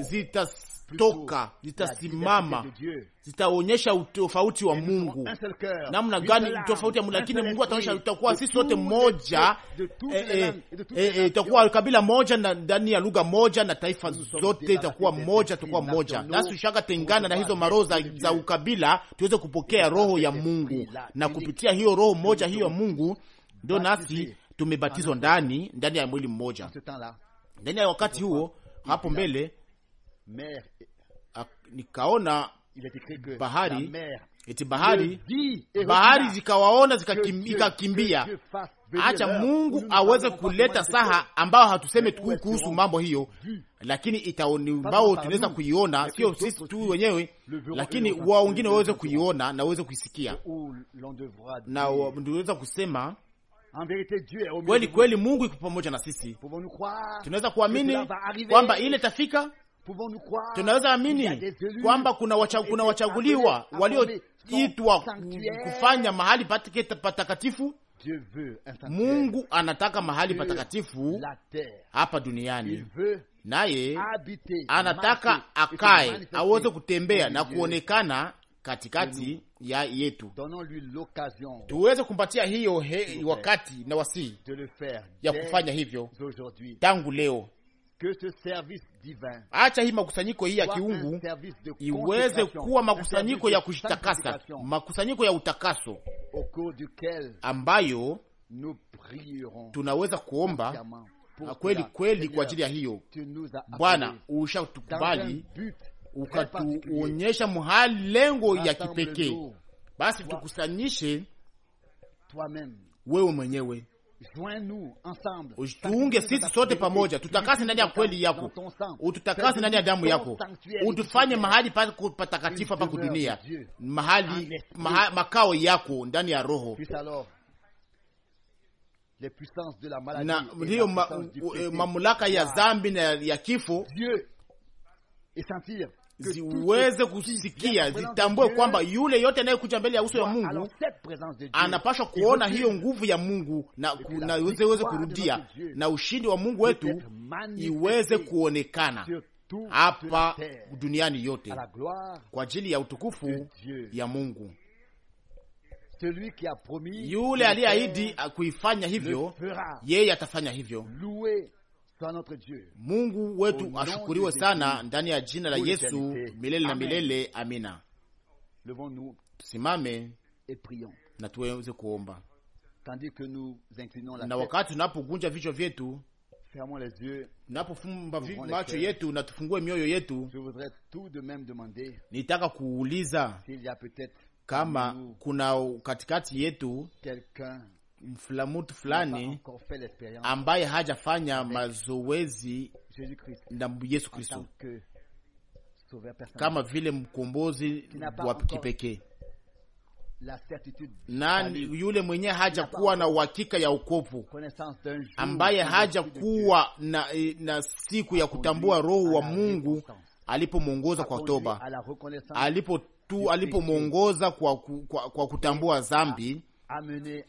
zitatoka, zitasimama, zitaonyesha utofauti wa Mungu namna gani tofauti ya Mungu, lakini Mungu ataonyesha, tutakuwa sisi sote moja, eh, eh, eh, itakuwa kabila moja na ndani ya lugha moja na taifa zote itakuwa moja, tutakuwa moja nasi, tushaka tengana na hizo maroho za ukabila, tuweze kupokea roho ya Mungu na kupitia hiyo roho moja hiyo ya Mungu ndio nasi tumebatizwa ndani ndani ya mwili mmoja ndani ya wakati huo hapo mbele nikaona bahari eti bahari bahari zikawaona zikakimbia. Acha Mungu aweze kuleta saha ambayo hatuseme tu kuhusu mambo hiyo, lakini itaonibao tunaweza kuiona, sio sisi tu wenyewe, lakini wa wengine waweze kuiona na waweze kuisikia, na tunaweza kusema kweli kweli, Mungu iko pamoja na sisi. Tunaweza kuamini kwamba ile tafika, tunaweza amini kwamba kuna wacha, kuna wachaguliwa walioitwa kufanya mahali patakatifu. Mungu anataka mahali patakatifu hapa duniani, naye anataka akae aweze kutembea na kuonekana katikati ya yetu, tuweze kumpatia hiyo he, wakati na wasii ya kufanya hivyo tangu leo. Acha hii makusanyiko hii ya kiungu iweze kuwa makusanyiko ya kujitakasa, makusanyiko ya utakaso ambayo tunaweza kuomba kweli kweli kwa ajili ya hiyo. Bwana, ushatukubali ukatuonyesha mhali lengo ya kipekee. Basi tukusanyishe wewe mwenyewe tuunge sisi sote pamoja, tutakase ndani ya kweli yako, ututakase ndani ya damu yako, utufanye mahali patakatifu hapa kudunia, mahali maha, makao yako ndani ya Roho na hiyo mamlaka ya zambi na ya kifo ziweze kusikia, zitambue kwamba yule yote anayekuja mbele ya uso ya Mungu anapashwa kuona hiyo nguvu ya Mungu na na iweze kurudia, na ushindi wa Mungu wetu iweze kuonekana hapa duniani yote kwa ajili ya utukufu ya Mungu. Yule aliyeahidi kuifanya hivyo, yeye atafanya hivyo. Mungu wetu ashukuriwe sana ndani ya jina la Yesu milele na milele. Amina. Tusimame na tuweze kuomba, na wakati tunapogunja vichwa vyetu tunapofumba macho yetu na tufungue mioyo yetu, nitaka kuuliza kama kuna katikati yetu mtu fulani ambaye hajafanya mazoezi na Yesu Kristo kama vile mkombozi wa kipekee nani yule mwenye haja kuwa na uhakika ya ukovu, ambaye haja kuwa na, eh, na siku ya kutambua Roho wa Mungu alipomwongoza kwa toba, alipo tu alipomwongoza kwa, kwa, kwa kutambua zambi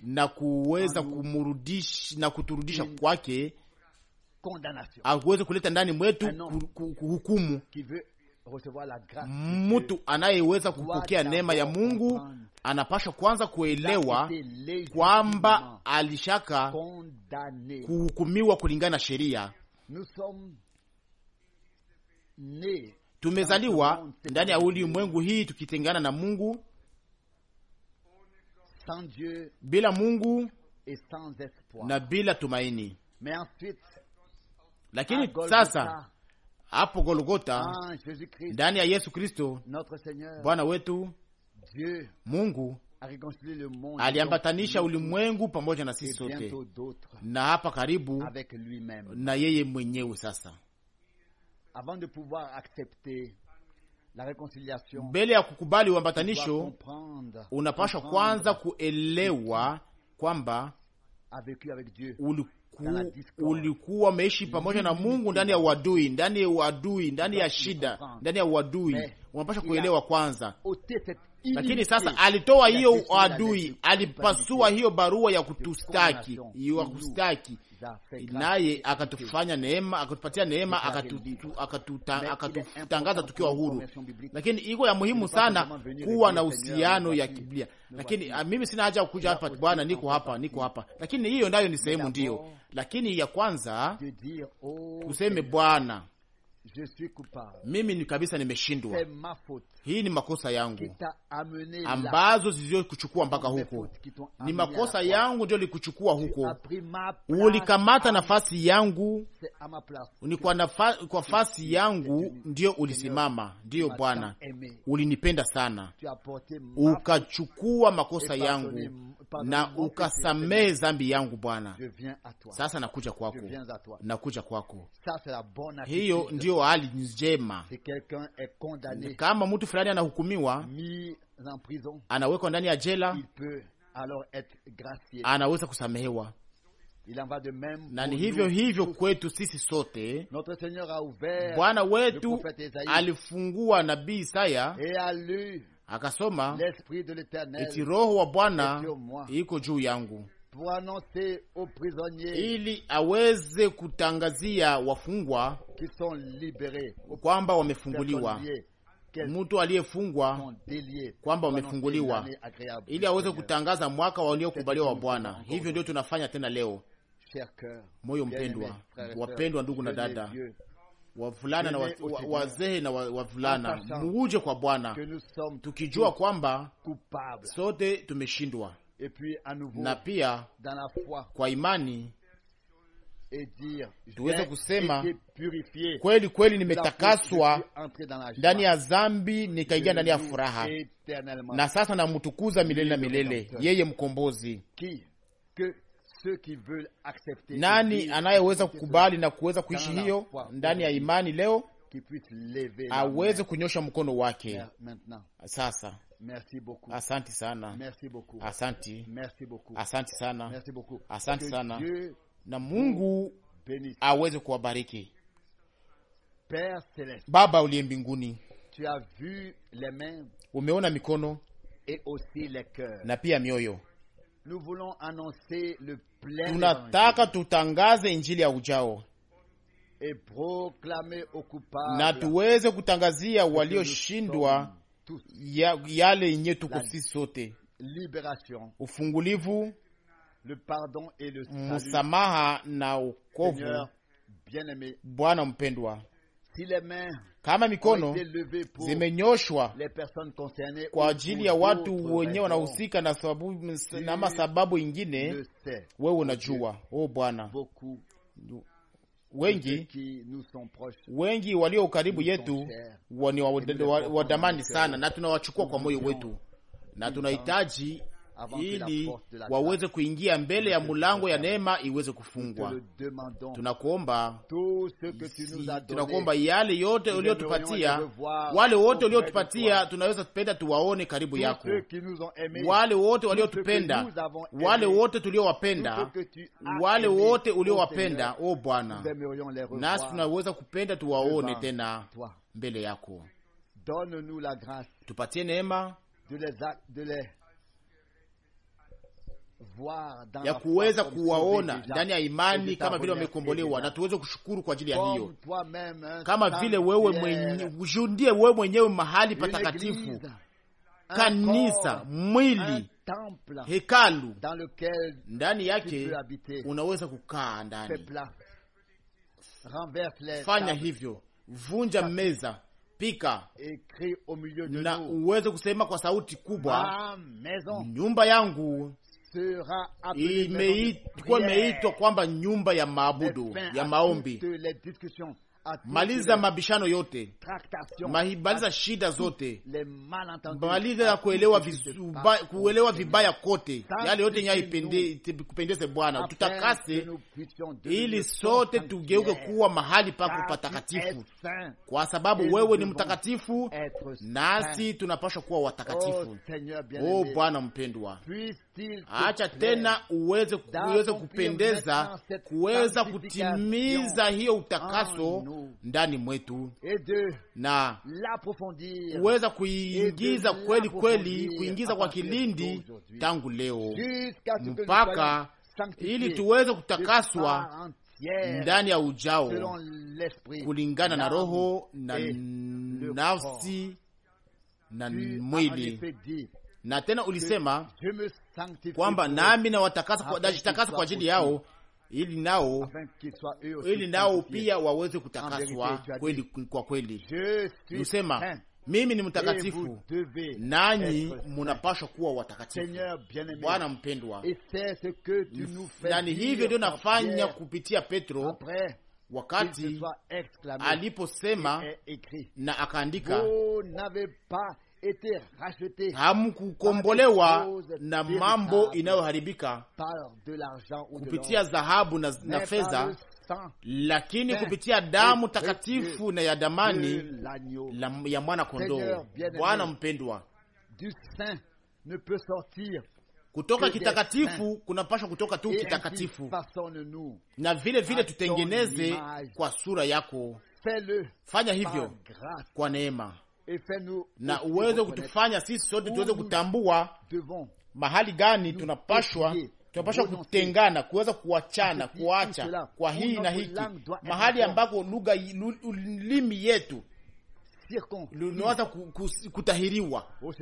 na kuweza kumurudisha na kuturudisha kwake, akuweze kuleta ndani mwetu kuhukumu. Mtu anayeweza kupokea neema ya Mungu anapasha kwanza kuelewa kwamba alishaka kuhukumiwa kulingana na sheria. Tumezaliwa ndani ya ulimwengu hii tukitengana na Mungu sans Dieu, bila Mungu et sans espoir, na bila tumaini. Mais ensuite, lakini Golgotha, sasa hapo Golgota ndani ya Yesu Kristo Bwana wetu Dieu, Mungu aliambatanisha ulimwengu pamoja na sisi sote, na hapa karibu na yeye mwenyewe sasa, avant de pouvoir accepter mbele ya kukubali uambatanisho, unapashwa kwanza kuelewa kwamba ulikuwa umeishi pamoja na Mungu ndani ya uadui, ndani ya uadui, ndani ya shida, ndani ya uadui. Unapasha kuelewa kwanza, lakini sasa alitoa hiyo uadui, alipasua hiyo barua ya kutustaki, ya kustaki naye akatufanya neema, akatupatia neema, akatutangaza tukiwa huru. Lakini iko ya muhimu sana kuwa na uhusiano ya Biblia. Lakini ah, mimi sina haja ya kuja hapa, Bwana niko hapa, niko hapa, lakini hiyo nayo ni sehemu ndiyo. Lakini ya kwanza oh, tuseme, Bwana mimi ni kabisa nimeshindwa, hii ni makosa yangu ambazo zilizokuchukua mpaka huko, ni makosa yangu ndio likuchukua huko. Ulikamata nafasi yangu, ni kwa nafasi yangu ndio ulisimama. Ndiyo Bwana, ulinipenda sana, ukachukua makosa yangu na ukasamehe dhambi yangu. Bwana, sasa nakuja kwako, nakuja kwako. Hiyo ndiyo hali njema. Kama mtu fulani anahukumiwa, anawekwa ndani ya jela, anaweza kusamehewa na ni hivyo hivyo kwetu sisi sote. Bwana wetu alifungua nabii Isaya akasoma eti Roho wa Bwana iko juu yangu, ili aweze kutangazia wafungwa kwamba wamefunguliwa, mtu aliyefungwa kwamba wamefunguliwa ili aweze kutangaza mwaka waliokubaliwa wa Bwana. Hivyo ndio tunafanya tena leo, moyo mpendwa, wapendwa ndugu na dada wavulana na wazee na wavulana, muuje kwa Bwana tukijua kwamba sote tumeshindwa, na pia kwa imani tuweze kusema kweli kweli, nimetakaswa ndani ya zambi, nikaingia ndani ya furaha, na sasa namtukuza milele na milele, yeye mkombozi. Nani anayeweza kukubali na kuweza kuishi hiyo ndani ya imani leo, aweze kunyosha mkono wake sasa. asanti sana, asanti asanti sana, asanti sana na Mungu aweze kuwabariki. Baba uliye mbinguni, umeona mikono na pia mioyo tunataka tutangaze injili ya ujao na tuweze kutangazia walioshindwa yale yenye tuko sisi sote ufungulivu le pardon et le msamaha na ukovu. Bwana mpendwa, kama mikono zimenyoshwa kwa ajili ya watu wenye wanahusika na sababu, na sababu ingine, wewe unajua. O oh, Bwana, wengi wengi walio karibu yetu ni wadamani sana, na tunawachukua kwa moyo wetu, na tunahitaji ili waweze kuingia mbele ya mulango ya neema iweze kufungwa. Tunakuomba, tunakuomba yale yote uliotupatia, wale wote uliotupatia, tunaweza penda tuwaone karibu yako, wale wote waliotupenda, wale wote tuliowapenda, wale wote uliowapenda, o oh Bwana, nasi tunaweza kupenda tuwaone tena mbele yako. Tupatie neema ya kuweza kuwaona ndani ya imani kama vile wamekombolewa, na tuweze kushukuru kwa ajili ya hiyo, kama vile wewe mwenye wewe mwenyewe mahali patakatifu, kanisa, mwili, hekalu ndani yake unaweza kukaa ndani. Fanya hivyo, vunja meza pika na uweze kusema kwa sauti kubwa, nyumba yangu ilikuwa imeitwa kwamba nyumba ya maabudu ya maombi. Maliza mabishano yote, maliza shida zote, maliza ya kuelewa vizuba, kuelewa vibaya kote, yale yote yenye kupendeze Bwana. Tutakase ili sote tugeuke kuwa mahali pako patakatifu, kwa sababu wewe ni mtakatifu, nasi tunapaswa kuwa watakatifu. O oh, oh, Bwana mpendwa, acha tena uweze uweze kupendeza kuweza kutimiza hiyo ah, utakaso ndani mwetu na kuweza kuingiza kweli kweli, kuingiza kwa kilindi tangu leo mpaka ili tuweze kutakaswa ndani ya ujao kulingana na roho na nafsi na mwili. Na tena ulisema kwamba nami najitakasa kwa ajili yao ili nao ili nao pia waweze kutakaswa kweli kwa kweli. Nusema mimi ni mtakatifu, nanyi munapashwa kuwa watakatifu. Bwana mpendwa, nani hivyo ndio nafanya kupitia Petro wakati aliposema na akaandika hamkukombolewa na mambo inayoharibika kupitia dhahabu na, na fedha, lakini kupitia damu takatifu na ya damani ya mwana kondoo. Bwana mpendwa, kutoka kitakatifu kunapashwa kutoka tu kitakatifu, na vile vile tutengeneze kwa sura yako. Fanya hivyo kwa neema na uweze kutufanya sisi sote tuweze kutambua mahali gani tunapashwa tunapashwa kutengana, kuweza kuachana, kuacha kwa hii na hiki, mahali ambako lugha limi yetu hata kutahiriwa. O oh,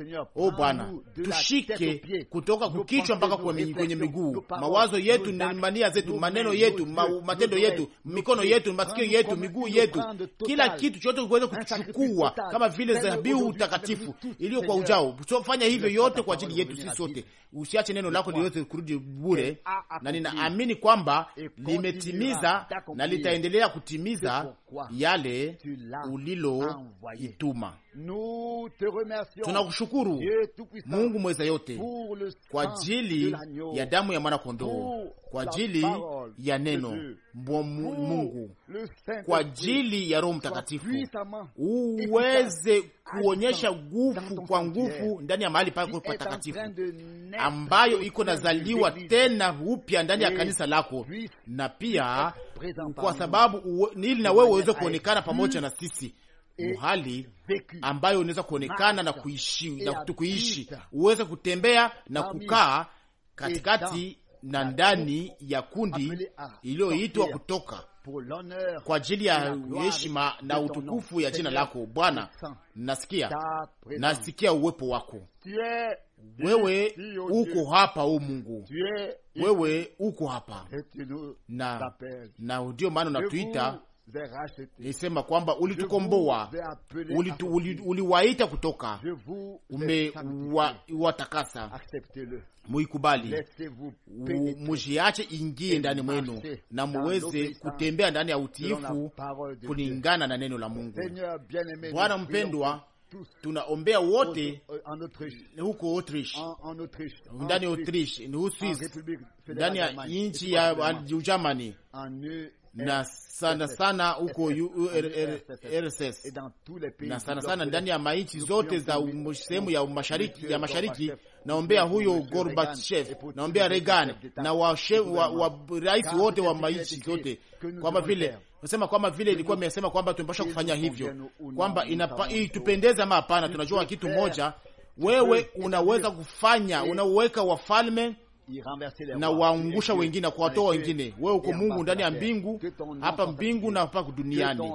oh, Bwana, tushike kutoka kukichwa mpaka kwenye miguu, mawazo yetu na mania zetu, maneno yetu, matendo yetu, mikono yetu, masikio yetu, miguu yetu, kila kitu chote kuweza kuchukua kama vile zabihu takatifu iliyo kwa ujao. Fanya hivyo yote kwa ajili yetu sisi sote, usiache neno lako liweze kurudi bure, na ninaamini kwamba limetimiza na litaendelea kutimiza yale ulilo ituma. Tunakushukuru Mungu mweza yote kwa ajili ya damu ya mwana kondoo, kwa ajili ya neno mwa Mungu, kwa ajili ya Roho Mtakatifu uweze kuonyesha nguvu kwa nguvu ndani ya mahali pako takatifu ambayo iko nazaliwa tena upya ndani ya kanisa lako, na pia kwa sababu ili na wewe uweze kuonekana pamoja na sisi Eh, uhali ambayo unaweza kuonekana na kuishi eh, na kuishi, uweze kutembea na kukaa eh, katikati na ndani ya kundi iliyoitwa kutoka kwa ajili ya heshima na utukufu ya jina lako Bwana. Nasikia, nasikia uwepo wako wewe, uko hapa u Mungu, wewe uko hapa na na ndio maana unatuita nisema kwamba ulitukomboa, uliwaita uli, uli kutoka, umewatakasa. Muikubali, mujiache ingie ndani mwenu na muweze kutembea ndani ya utiifu kulingana na neno la Mungu. Bwana mpendwa, tunaombea wote huko Autriche, ndani ya Autriche, ni Uswisi, ndani ya nchi ya Ujamani na sana sana huko URSS na sana sana ndani ya maichi zote za sehemu ya mashariki ya mashariki. Naombea huyo Gorbachev, naombea Reagan na rais wote wa maichi zote, kwamba vile nasema kwamba vile ilikuwa imesema kwamba tumepasha kufanya hivyo, kwamba itupendeze ama hapana. Tunajua kitu moja, wewe unaweza kufanya, unaweka wafalme na waungusha wengine na kuwatoa wengine. Wewe uko Mungu ndani ya mbingu, hapa mbingu na hapa duniani,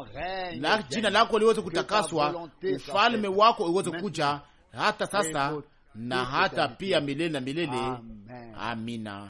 na jina lako liweze kutakaswa, ufalme wako uweze kuja hata sasa na hata pia milele na milele. Amina.